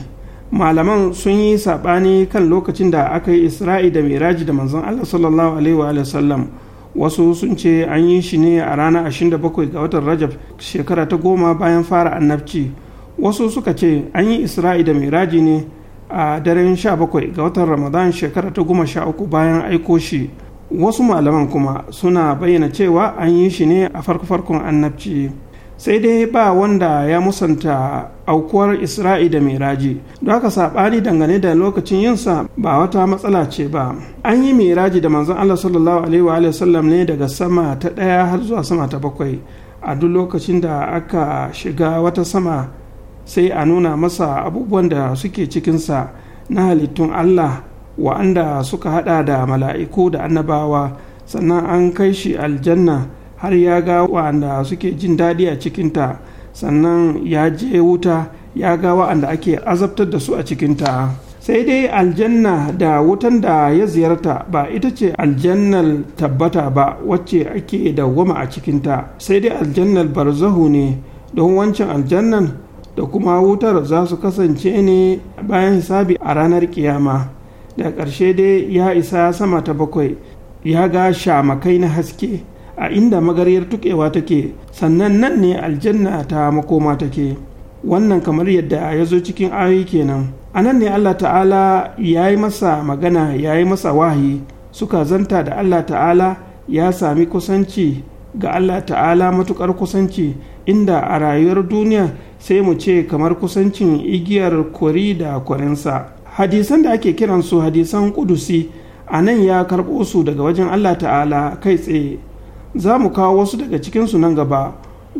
malaman sun yi saɓani kan lokacin da aka yi isra'i da miraji da manzon allah sallallahu alaihi wa sallam wasu sun ce an yi shi ne a ranar 27 ga watan rajab shekara ta goma bayan fara annabci wasu suka ce an yi isra'i da miraji ne a daren 17 ga watan ramadan shekara ta goma sha uku bayan aiko shi wasu malaman kuma suna bayyana cewa an yi shi ne a farko-farkon annabci sai dai ba wanda ya musanta aukuwar isra'i da miraji don haka saɓani dangane da lokacin yinsa ba wata matsala ce ba an yi miraji da manzon allah sallallahu alaihi wa sallam ne daga sama ta ɗaya har zuwa sama ta bakwai a duk lokacin da aka shiga wata sama sai a nuna masa abubuwan da suke cikinsa na halittun allah wa'anda suka hada da mala'iku da annabawa sannan an kai shi aljanna har ya ga wa'anda suke jin daɗi a cikinta sannan ya je wuta ya ga wa'anda ake azabtar da su a cikinta sai dai aljanna da wutan da ya ziyarta ba ita ce aljannar tabbata ba wacce ake da goma a cikinta sai dai aljannar barzahu ne don wancan aljannan da kuma wutar za su kasance ne bayan hisabi a ranar kiyama da ƙarshe dai ya isa sama ta bakwai ya ga shamakai na haske a inda magaryar tukewa take sannan nan ne aljanna ta makoma take wannan kamar yadda ya zo cikin ayoyi kenan a nan ne allah ta'ala ya yi masa magana ya yi masa wahayi suka zanta da allah ta'ala ya sami kusanci ga allah ta'ala matukar kusanci inda a rayuwar duniya sai mu ce kamar kusancin igiyar kwari da kwarinsa hadisan da ake kiransu hadisan kudusi a nan ya karɓo su daga wajen allah ta'ala kai tsaye za mu kawo wasu daga cikinsu nan gaba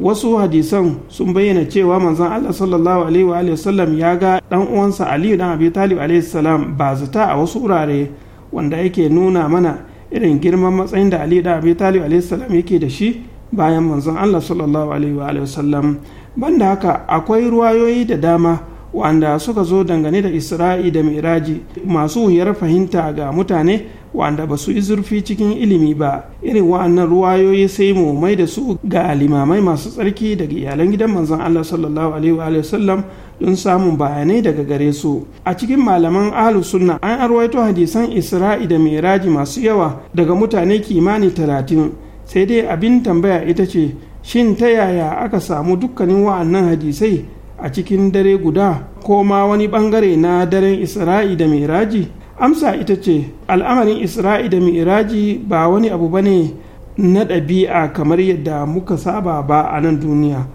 wasu hadisan sun bayyana cewa manzon allah sallallahu alaihi wa sallam ya ga ɗan uwansa aliyu dan abi talib alaihi salam ba zata a wasu wurare wanda yake nuna mana irin girman matsayin da aliyu dan abi talib alaihi salam yake da shi bayan manzon allah sallallahu alaihi wa sallam banda haka akwai ruwayoyi da dama wanda suka zo dangane da isra'i da miraji masu wuyar fahimta ga mutane wanda ba su yi zurfi cikin ilimi ba irin wa'annan ruwayoyi sai mu mai da su ga limamai masu tsarki daga iyalan gidan manzon Allah sallallahu alaihi wa sallam don samun bayanai daga gare su a cikin malaman ahlus sunna an arwaito hadisan isra'i da miraji masu yawa daga mutane kimani talatin sai dai abin tambaya ita ce shin ta yaya aka samu dukkanin wa'annan hadisai a cikin dare guda ko ma wani bangare na daren isra'i da miraji amsa ita ce al'amarin isra'i da miraji ba wani abu ba ne na ɗabi'a kamar yadda muka saba ba a nan duniya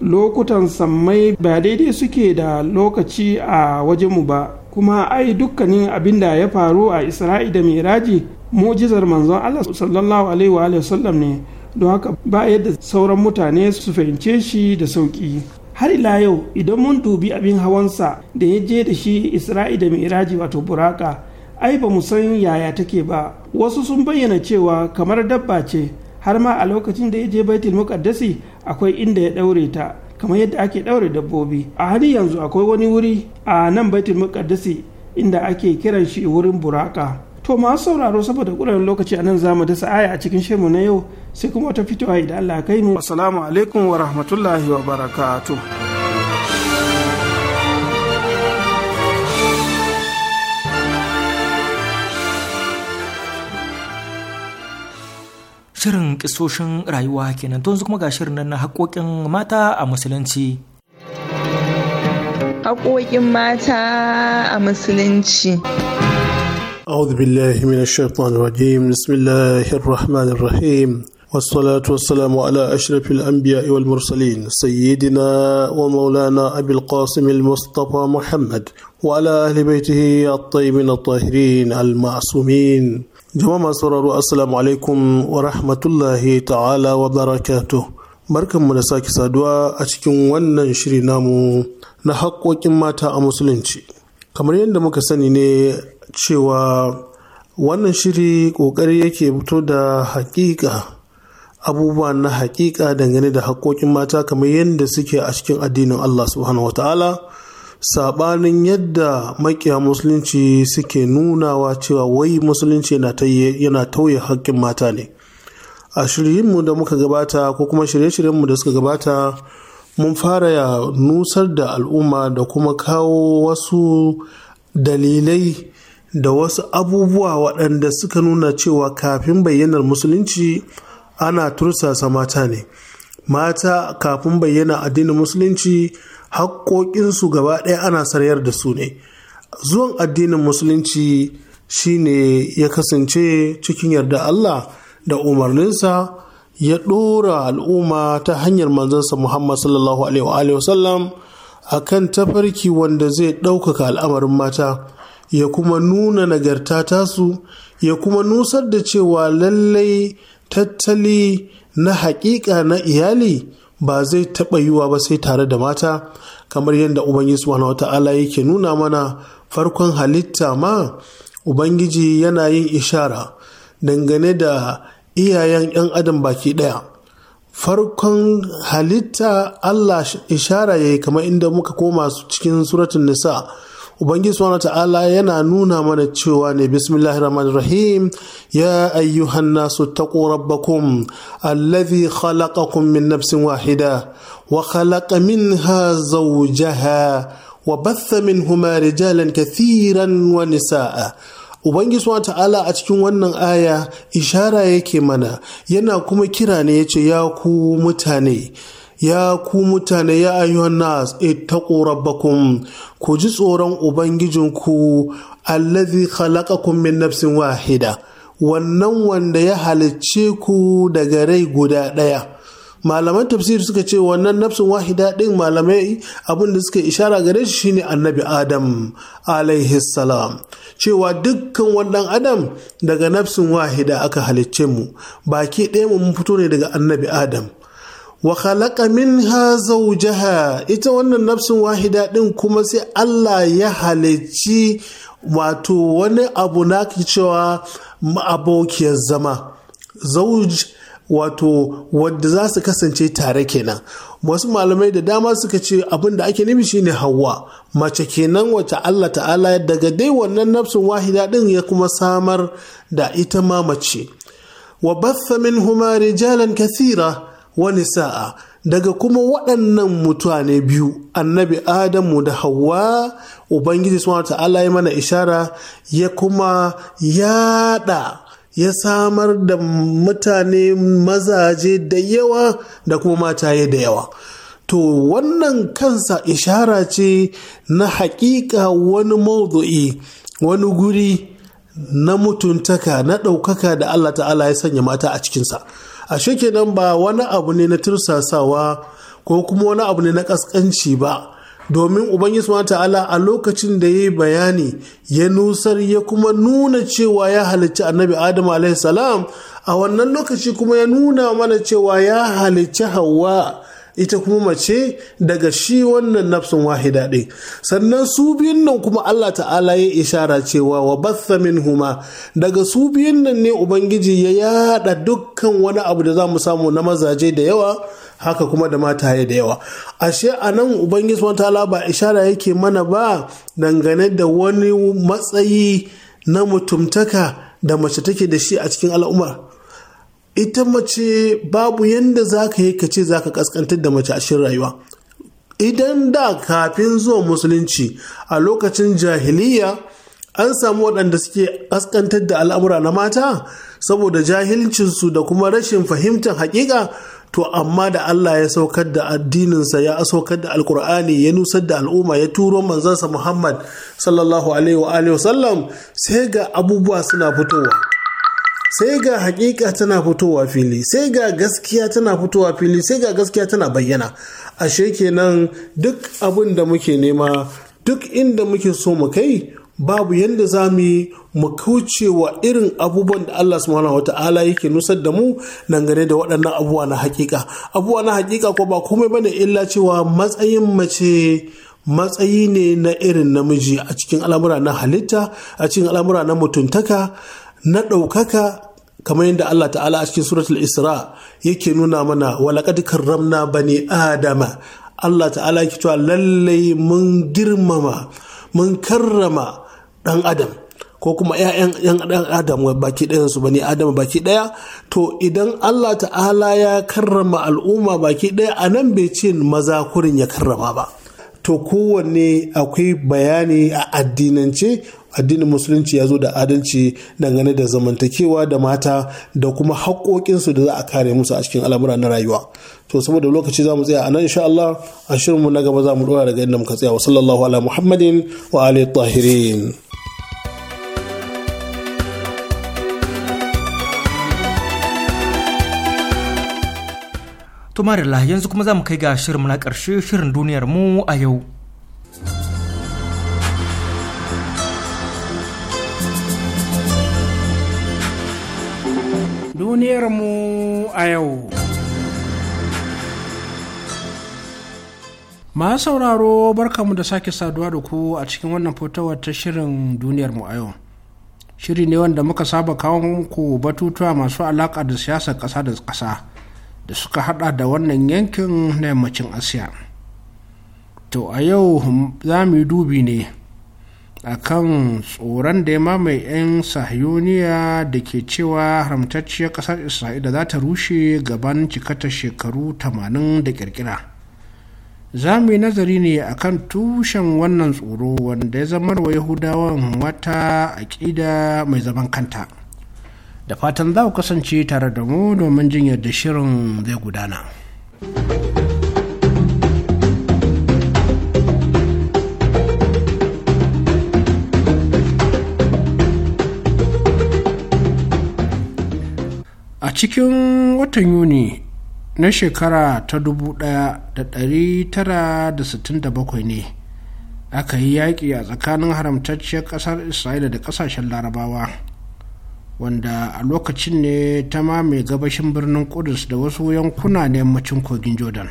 lokutan sammai ba daidai suke da lokaci a wajenmu ba kuma ai dukkanin abin da ya faru a isra'i da miraji mujizar manzon allah sallallahu alaihi wa sallam ne don haka ba yadda sauran mutane su fahimce shi da sauƙi har ila yau idan mun dubi abin hawansa da ya je da shi isra'i da miraji wato buraka ai ba mu san yaya take ba wasu sun bayyana cewa kamar dabba ce har ma a lokacin da ya je baitul muqaddasi akwai inda ya daure ta kamar yadda ake daure dabbobi a hali yanzu akwai wani wuri a nan baitul muqaddasi inda ake kiran shi wurin buraka to masu sauraro saboda ƙuraren lokaci a nan za mu dasa aya a cikin shemu na yau sai kuma wata fitowa idan Allah kai mu assalamu alaikum wa rahmatullahi wa barakatu. Shirin kisoshin rayuwa kenan to yanzu kuma ga shirin nan na haƙoƙin mata a musulunci. Haƙoƙin mata a musulunci. أعوذ بالله من الشيطان الرجيم بسم الله الرحمن الرحيم والصلاة والسلام على أشرف الأنبياء والمرسلين سيدنا ومولانا أبي القاسم المصطفى محمد وعلى أهل بيته الطيبين الطاهرين المعصومين جماعة سرر السلام عليكم ورحمة الله تعالى وبركاته barkan mu da sake saduwa a cikin wannan shiri namu na haƙoƙin mata a musulunci kamar yadda muka sani ne cewa wannan shiri ƙoƙari yake fito da haƙiƙa abubuwa na haƙiƙa dangane da haƙoƙin mata kamar yadda suke a cikin addinin Allah subhanahu wa ta'ala saɓanin yadda makiya musulunci suke nunawa cewa wai musulunci yana tauye haƙƙin mata ne a shiryunmu da muka gabata ko kuma shirye-shiryenmu da suka gabata mun fara ya nusar da al'umma da kuma kawo wasu dalilai da wasu abubuwa waɗanda suka nuna cewa kafin bayyanar musulunci ana tursasa mata ne mata kafin bayyana addinin musulunci haƙoƙinsu gaba ɗaya ana sarayar da su ne zuwan addinin musulunci shine ya kasance cikin yarda allah da umarninsa ya ɗora al'umma ta hanyar manzansa muhammad sallallahu alaihi wa sallam a kan tafarki wanda zai ɗaukaka al'amarin mata ya kuma nuna nagarta tasu ya kuma nusar da cewa lallai tattali na haƙiƙa na iyali ba zai taɓa yiwuwa ba sai tare da mata kamar yadda ubangiji subhanahu wata'ala yake nuna mana farkon halitta ma ubangiji yana yin ishara dangane da iyayen 'yan adam baki ɗaya farkon halitta allah ishara ya yi kamar inda muka koma cikin suratun nisa' ubangiji subhanahu ta'ala yana nuna mana cewa ne bismillahir rahmanir rahim ya ayyuhan nasu taqu rabbakum allazi khalaqakum min nafsin wahida wa khalaqa minha zawjaha wa batha minhuma rijalan kathiran wa nisaa Ubangiji wa ta'ala a cikin wannan aya ishara yake mana yana kuma kira ne ya ce ya ku mutane ya ku mutane ya ayyuhan nas ittaqu rabbakum ku ji tsoron ubangijinku allazi khalaqakum min nafsin wahida wannan wanda ya halicce ku daga rai guda ɗaya malaman tafsir suka ce wannan nafsin wahida ɗin malamai abin da suka ishara gare shi shine annabi adam alaihi salam cewa dukkan wannan adam daga nafsin wahida aka halicce mu baki ɗaya mu fito ne daga annabi adam wa khalaqa minha zawjaha ita wannan nafsin wahida din kuma sai Allah ya halicci wato wani abu na cewa abokiyar zama zauj wato wadda za su kasance tare kenan wasu malamai da dama suka ce abin da ake nufi shine hawa mace kenan wace Allah ta'ala daga dai wannan nafsin wahida din ya kuma samar da ita ma mace wa batha minhuma rijalan kathira wani sa'a daga kuma waɗannan mutane biyu annabi adamu da hawa ubangiji suna ta'ala ya mana ishara ya kuma yaɗa ya samar da mutane mazaje da yawa da kuma mataye da yawa to wannan kansa ishara ce na haƙiƙa wani maudu'i wani guri na mutuntaka na ɗaukaka da allah ta'ala ya sanya mata a cikinsa ashe kenan ba wani abu ne na tursasawa ko kuma wani abu ne na kaskanci ba domin ubangiji wa ta'ala a lokacin da ya yi bayani ya nusar ya kuma nuna cewa ya halicci annabi Adamu alaihi salam a wannan lokaci kuma ya nuna mana cewa ya halicci hawa ita kuma mace daga shi wannan nafsin wahida ɗin sannan su biyun nan kuma Allah ta'ala ya ishara cewa wa batha huma daga su biyun nan ne ubangiji ya yada dukkan wani abu da za mu samu na mazaje da yawa haka kuma da mataye da yawa ashe a nan ubangiji wata ta'ala ba ishara yake mana ba dangane da wani matsayi na mutumtaka da mace take da shi a cikin al'ummar ita mace babu yadda za ka yi ka ce za ka kaskantar da mace a cikin rayuwa idan da kafin zuwa musulunci a lokacin jahiliya an samu waɗanda suke kaskantar da al'amura na mata saboda jahilcinsu da kuma rashin fahimtar hakika to amma da Allah ya saukar da addininsa ya saukar da alkur'ani ya nusar da al'umma ya turo manzansa Muhammad sallallahu alaihi wa sallam sai ga abubuwa suna fitowa sai ga hakika tana fitowa fili sai ga gaskiya tana fitowa fili sai ga gaskiya tana bayyana ashe kenan duk abin da muke nema duk inda muke so mu kai babu yadda za mu yi mu kauce wa irin abubuwan da Allah subhanahu wa ta'ala yake nusar da mu nan gane da waɗannan abubuwa na hakika abubuwa na hakika ko ba komai bane illa cewa matsayin mace matsayi ne na irin namiji a cikin al'amura na halitta a cikin al'amura na mutuntaka na ɗaukaka kamar yadda Allah ta'ala a cikin suratul Isra yake nuna mana walaƙad karramna bani adama Allah ta'ala yake cewa lallai mun girmama mun karrama ɗan adam ko kuma 'ya'yan ɗan adam baki ɗayansu bani adam baki ɗaya to idan Allah ta'ala ya karrama al'umma baki ɗaya a nan bai ce maza kurin ya karrama ba to kowanne akwai bayani a addinance addinin musulunci ya zo da adalci dangane da zamantakewa da mata da kuma haƙoƙinsu da za a kare musu a cikin al'amura na rayuwa to saboda lokaci za mu tsaya a nan insha Allah a shirinmu na gaba za mu dora daga inda muka tsaya wa sallallahu ala muhammadin wa alihi tahirin To Marilla yanzu kuma za mu kai ga shirin na ƙarshe shirin duniyar mu a yau. Duniyar mu a yau. Ma sauraro barkamu da sake saduwa da ku a cikin wannan fitowar ta shirin duniyar mu a yau. Shiri ne wanda muka saba kawo muku batutuwa masu alaƙa da siyasar ƙasa da ƙasa. da suka hada da wannan yankin na yammacin asiya to a yau za mu yi dubi ne a kan tsoron da ya mamaye 'yan sahiyoniya da ke cewa haramtacciyar kasar isra'ila za ta rushe gaban cikata shekaru 80 da kirkira za mu yi nazari ne a kan tushen wannan tsoro wanda ya zamar wa yahudawan wata aƙida mai zaman kanta da fatan za ku kasance tare da mu domin jin yadda shirin zai gudana. A cikin watan Yuni na shekara ta da da da 1967 ne aka yi yaƙi a tsakanin haramtacciyar ƙasar Isra'ila da ƙasashen Larabawa. wanda a lokacin ne ta mame gabashin birnin kudus da wasu yankuna na yammacin kogin jordan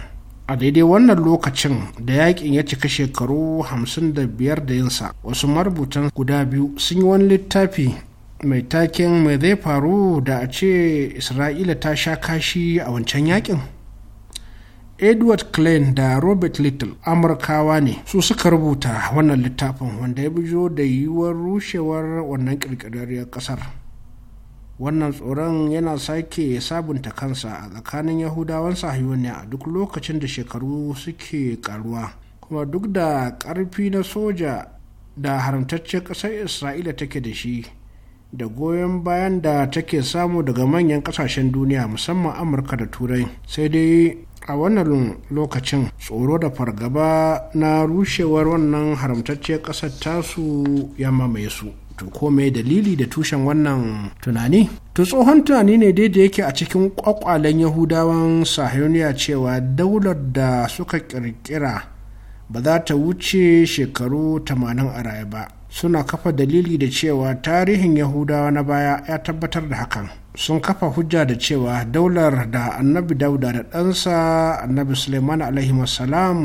a daidai wannan lokacin da yakin ya cika shekaru 55 da yinsa wasu marubutan guda biyu sun yi wani littafi mai taken mai zai faru da a ce isra'ila ta sha kashi a wancan yakin edward klein da robert little amurkawa ne su suka rubuta wannan littafin wanda ya bijo da yiwuwar rushewar wannan ƙirƙirarriyar ƙasar wannan tsoron yana sake sabunta kansa a tsakanin yahudawan sahiyoniya a duk lokacin da shekaru suke karuwa kuma duk da ƙarfi na soja da haramtaccen ƙasar isra'ila take da shi da goyon bayan da take samu daga manyan ƙasashen duniya musamman amurka da turai sai dai a wannan lokacin tsoro da fargaba na rushewar wannan haramtacciyar ƙasar tasu ya mamaye su to ko me dalili da tushen wannan tunani to tsohon tunani ne dai da yake a cikin kwakwalen yahudawan sahiyoniya cewa daular da suka kirkira ba za ta wuce shekaru 80 a raye ba suna kafa dalili da cewa tarihin yahudawa na baya ya tabbatar da hakan sun kafa hujja da cewa daular da annabi dauda da ɗansa annabi suleiman alaihi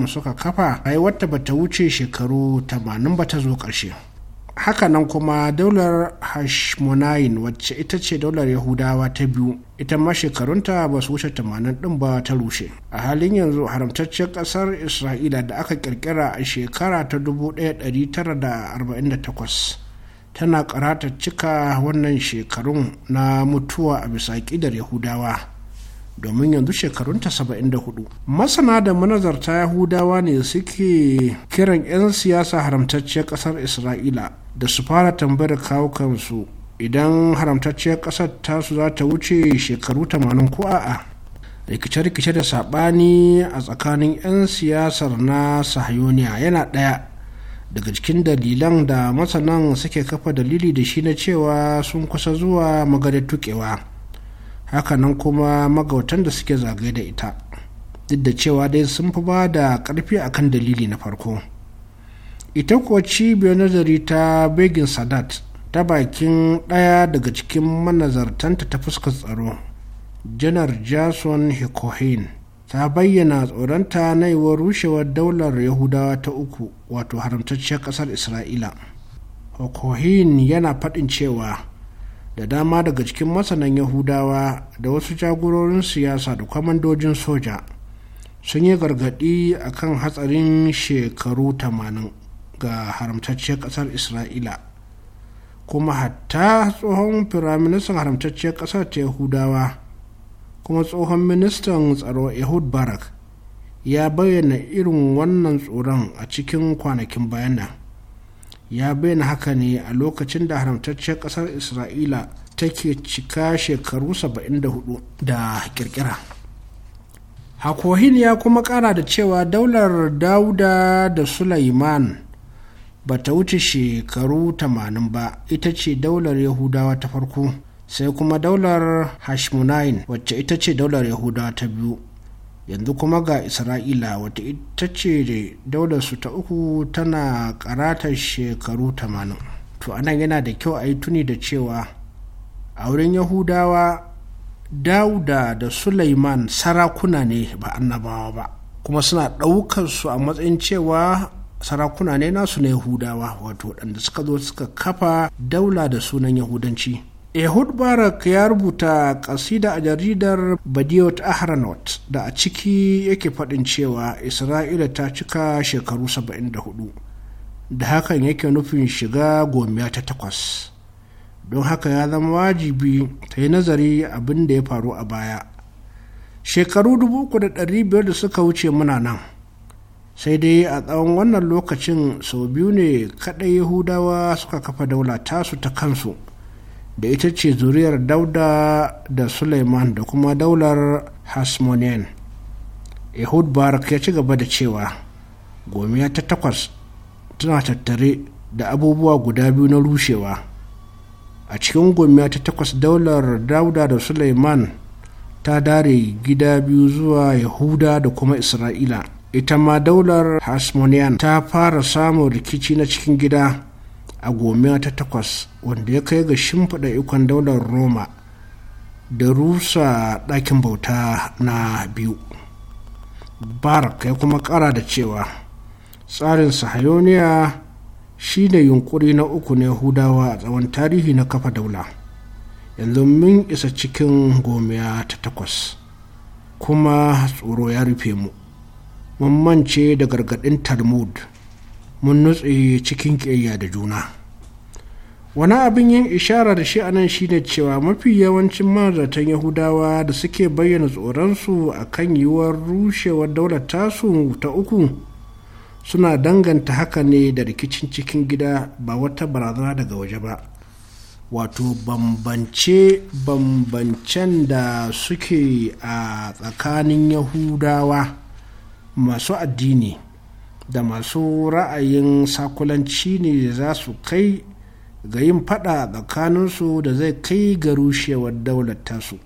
suka kafa ai wata bata wuce shekaru 80 ba ta zo ƙarshe hakanan kuma daular hashmonayin wacce ita ce daular yahudawa ta biyu ita ma shekarunta ba su wuce tamanin din ba ta rushe a halin yanzu haramtaccen kasar isra'ila da aka kirkira a shekara ta 1948 tana karata cika wannan shekarun na mutuwa a bisa ƙidar yahudawa domin yanzu shekarun shekarunta 74 masana da manazarta yahudawa ne suke kiran 'yan siyasa haramtacciyar kasar isra'ila da su fara tambayar kawo kansu idan haramtacciyar kasar tasu za ta wuce shekaru 80 ko a'a rikice-rikice da saɓani a tsakanin 'yan siyasar na sahayoniya yana ɗaya daga cikin dalilan da masanan suke kafa dalili da shi na cewa sun kusa zuwa magadar tukewa hakanan kuma magautan da suke zagaye da ita duk da cewa dai sun fi ba da ƙarfi akan dalili na farko ita kuwa cibiyar nazari ta begin sadat ta bakin ɗaya daga cikin manazartanta ta fuskar tsaro janar jason hikohin ta bayyana tsoronta na yiwuwar rushewar daular yahudawa ta uku wato haramtacciyar ƙasar isra'ila hikohin yana faɗin cewa da dama daga cikin masanan yahudawa da wasu jagororin siyasa da kwamandojin soja sun yi gargaɗi a kan hatsarin shekaru 80 ga haramtacciyar ƙasar isra'ila kuma hatta tsohon firaministan haramtacciyar ƙasar ta yahudawa kuma tsohon ministan tsaro yahud barak ya bayyana irin wannan tsoron a cikin kwanakin bayan nan ya bayyana haka ne a lokacin da haramtacciyar ƙasar isra'ila take cika shekaru 74 da kirkira hakohin ya kuma ƙara da cewa daular dauda da sulaiman ba ta wuce shekaru 80 ba ita ce daular yahudawa ta farko sai kuma daular hashmonain wacce ita ce daular yahudawa ta biyu yanzu kuma ga isra'ila wata ita ce da daularsu ta uku tana karatar shekaru 80 to anan yana da kyau a yi tuni da cewa a wurin yahudawa dauda da suleiman sarakuna ne ba annabawa ba kuma suna ɗaukar su a matsayin cewa sarakuna ne nasu na yahudawa wato waɗanda suka zo suka kafa daula da sunan yahudanci Ehud Barak ya rubuta kasida a jaridar Badiot Ahranot da a ciki yake faɗin cewa Isra'ila ta cika shekaru 74 da hakan yake nufin shiga gomiya ta takwas. Don haka ya zama wajibi ta yi nazari abin da ya faru a baya. Shekaru 3,500 da suka wuce muna nan. sai dai a tsawon wannan lokacin sau biyu ne kaɗai Yahudawa suka kafa daula tasu ta kansu. da ita ce zuriyar dauda da suleiman da kuma daular hasmonian ehud barak ya ci gaba da cewa gomiya ta takwas tana tattare da abubuwa guda biyu na rushewa a cikin gomiya ta takwas daular dauda da suleiman ta dare gida biyu zuwa yahuda da kuma isra'ila ita ma daular hasmonian ta fara samun rikici na cikin gida a gomiya ta takwas wanda ya kai ga shimfiɗa ikon daular roma da rusa ɗakin bauta na biyu barak ya kuma ƙara da cewa tsarin sahayoniya shi da yunkuri na uku na yahudawa a tsawon tarihi na kafa daula yanzu mun isa cikin gomiya ta takwas kuma tsoro ya rufe mu mun mance da gargaɗin talmud mun nutse cikin ƙiyayya da juna wani abin yin ishara da shi a nan shine cewa mafi yawancin manzatan yahudawa da suke bayyana tsoronsu a kan yiwuwar rushewar daular tasu ta uku suna danganta haka ne da rikicin cikin gida ba wata barazana daga waje ba wato bambance-bambancen da suke a tsakanin yahudawa masu addini da masu ra'ayin sakulanci ne za su kai ga yin fada tsakaninsu da zai kai ga rushewar daulatasu.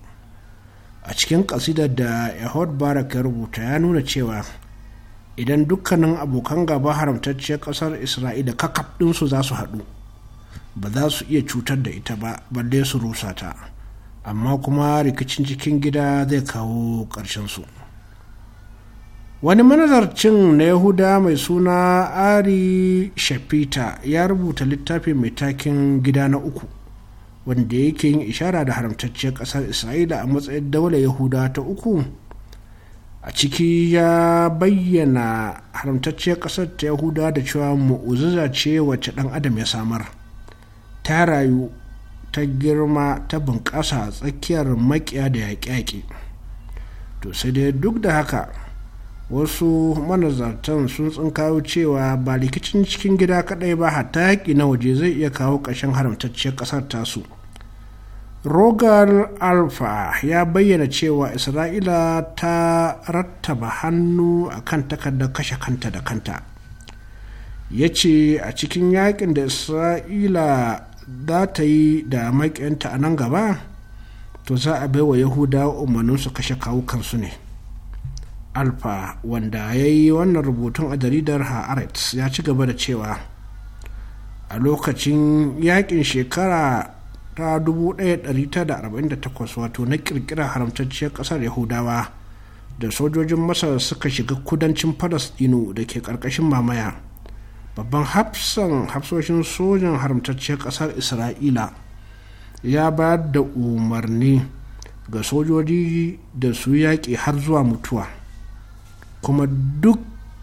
a cikin kasidar da ehud barak ya rubuta ya nuna cewa idan dukkanin abokan gaba haramtacciyar kasar isra'ila kakaf ɗinsu za su haɗu ba za su iya cutar da ita ba balle su rusa ta amma kuma rikicin cikin gida zai kawo ƙarshensu. su wani manazarcin na yahuda mai suna ari shafita ya rubuta littafi mai takin gida na uku wanda yake yin ishara da haramtacciyar ƙasar isra'ila a matsayin daular yahuda ta uku a ciki ya bayyana haramtacciyar ƙasar ta yahuda da cewa mu'uziza ce wacce ɗan adam ya samar ta rayu ta girma ta bunƙasa tsakiyar maƙiya da yaƙe-yaƙe to sai dai duk da haka wasu manazartan sun tsinkawo cewa ba rikicin cikin gida kadai ba hatta yaƙi na waje zai iya kawo ƙashin haramtacciyar ƙasar tasu rogar alfa ya bayyana cewa isra'ila ta rattaba hannu a kan takardar kashe kanta da kanta ya ce a cikin yakin da isra'ila za ta yi da maƙiyanta a nan gaba to za a baiwa yahudawa umarnin su kashe kawukan su ne alfa wanda ya yi wannan rubutun a jaridar haaretz ya ci gaba da cewa a lokacin yakin shekara ta 1948 wato na kirkirar haramtacciyar kasar yahudawa da sojojin masar suka shiga kudancin dino da ke karkashin mamaya babban hafsan hafsoshin sojan haramtacciyar kasar isra'ila ya ba da umarni ga sojoji da su yaƙi har zuwa mutuwa kuma duk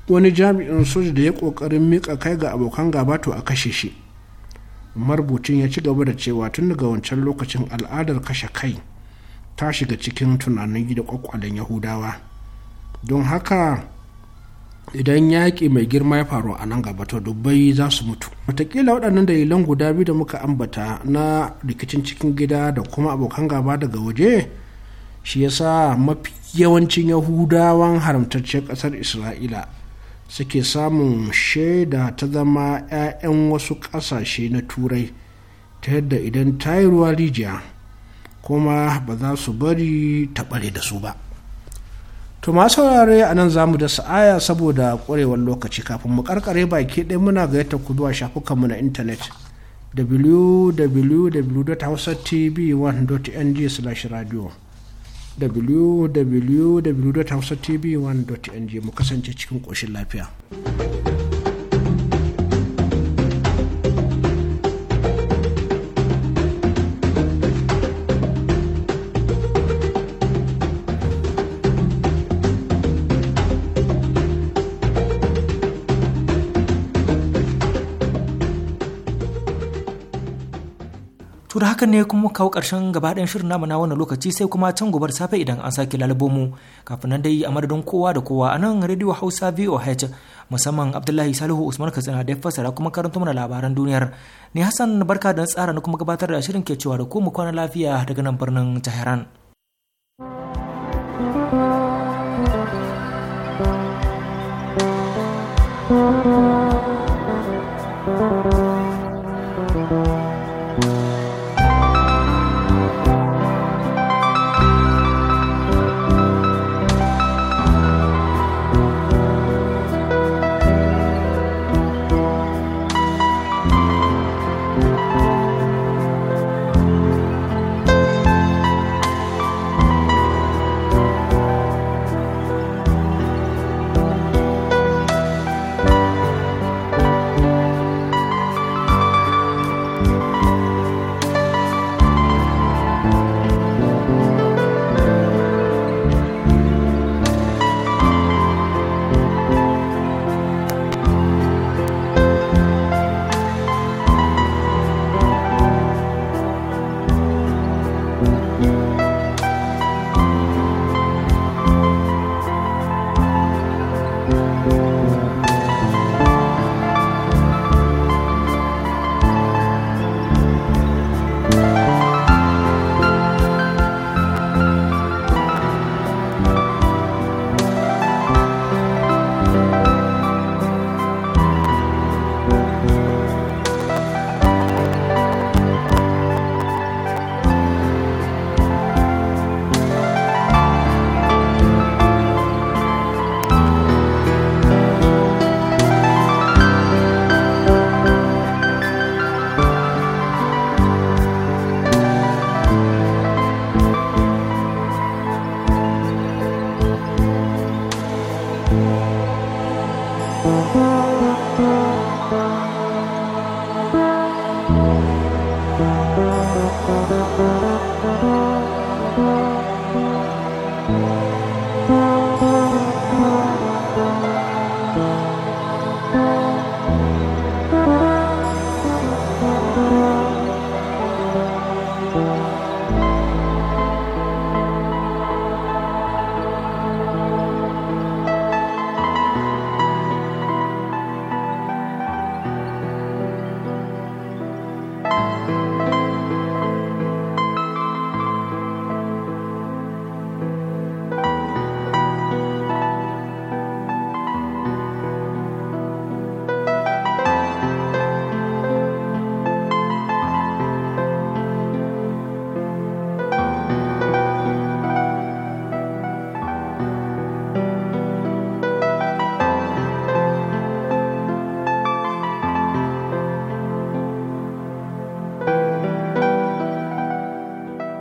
wani jami'in soja da ya ƙoƙarin mika kai ga abokan gaba to a kashe shi marubucin ya ci gaba da cewa tun daga wancan lokacin al'adar kashe kai ta shiga cikin tunanin gida kwakwalen yahudawa don haka idan yaƙi mai girma ya faru a nan gaba to dubbai za su mutu watakila waɗannan dalilan guda biyu da muka ambata na rikicin cikin gida da kuma abokan gaba daga waje shi yasa mafi yawancin yahudawan haramtacciyar ƙasar isra'ila suke samun shaida ta zama 'ya'yan wasu ƙasashe na turai ta yadda idan ta yi ruwa rijiya kuma ba za su bari ta ɓale da su ba to masu saurare a nan zamu da sa'aya saboda ƙwarewar lokaci kafin mu karkare baki ɗaya muna gayyata ku zuwa shafukanmu na intanet www.hausatv1.ng/radio www.hausatv1.ng mu kasance cikin ƙoshin lafiya. da haka ne kuma kawo ƙarshen ɗayan shirin namu na wannan lokaci sai kuma can gobar safe idan an sake lalabo mu kafin nan dai a madadin kowa da kowa a nan rediyo hausa voh musamman abdullahi salihu usman katsina da ya fassara kuma karanta mana labaran duniyar ne hassan barka da tsara na kuma gabatar da shirin ke cewa da ku mu kwana lafiya daga nan birnin tehran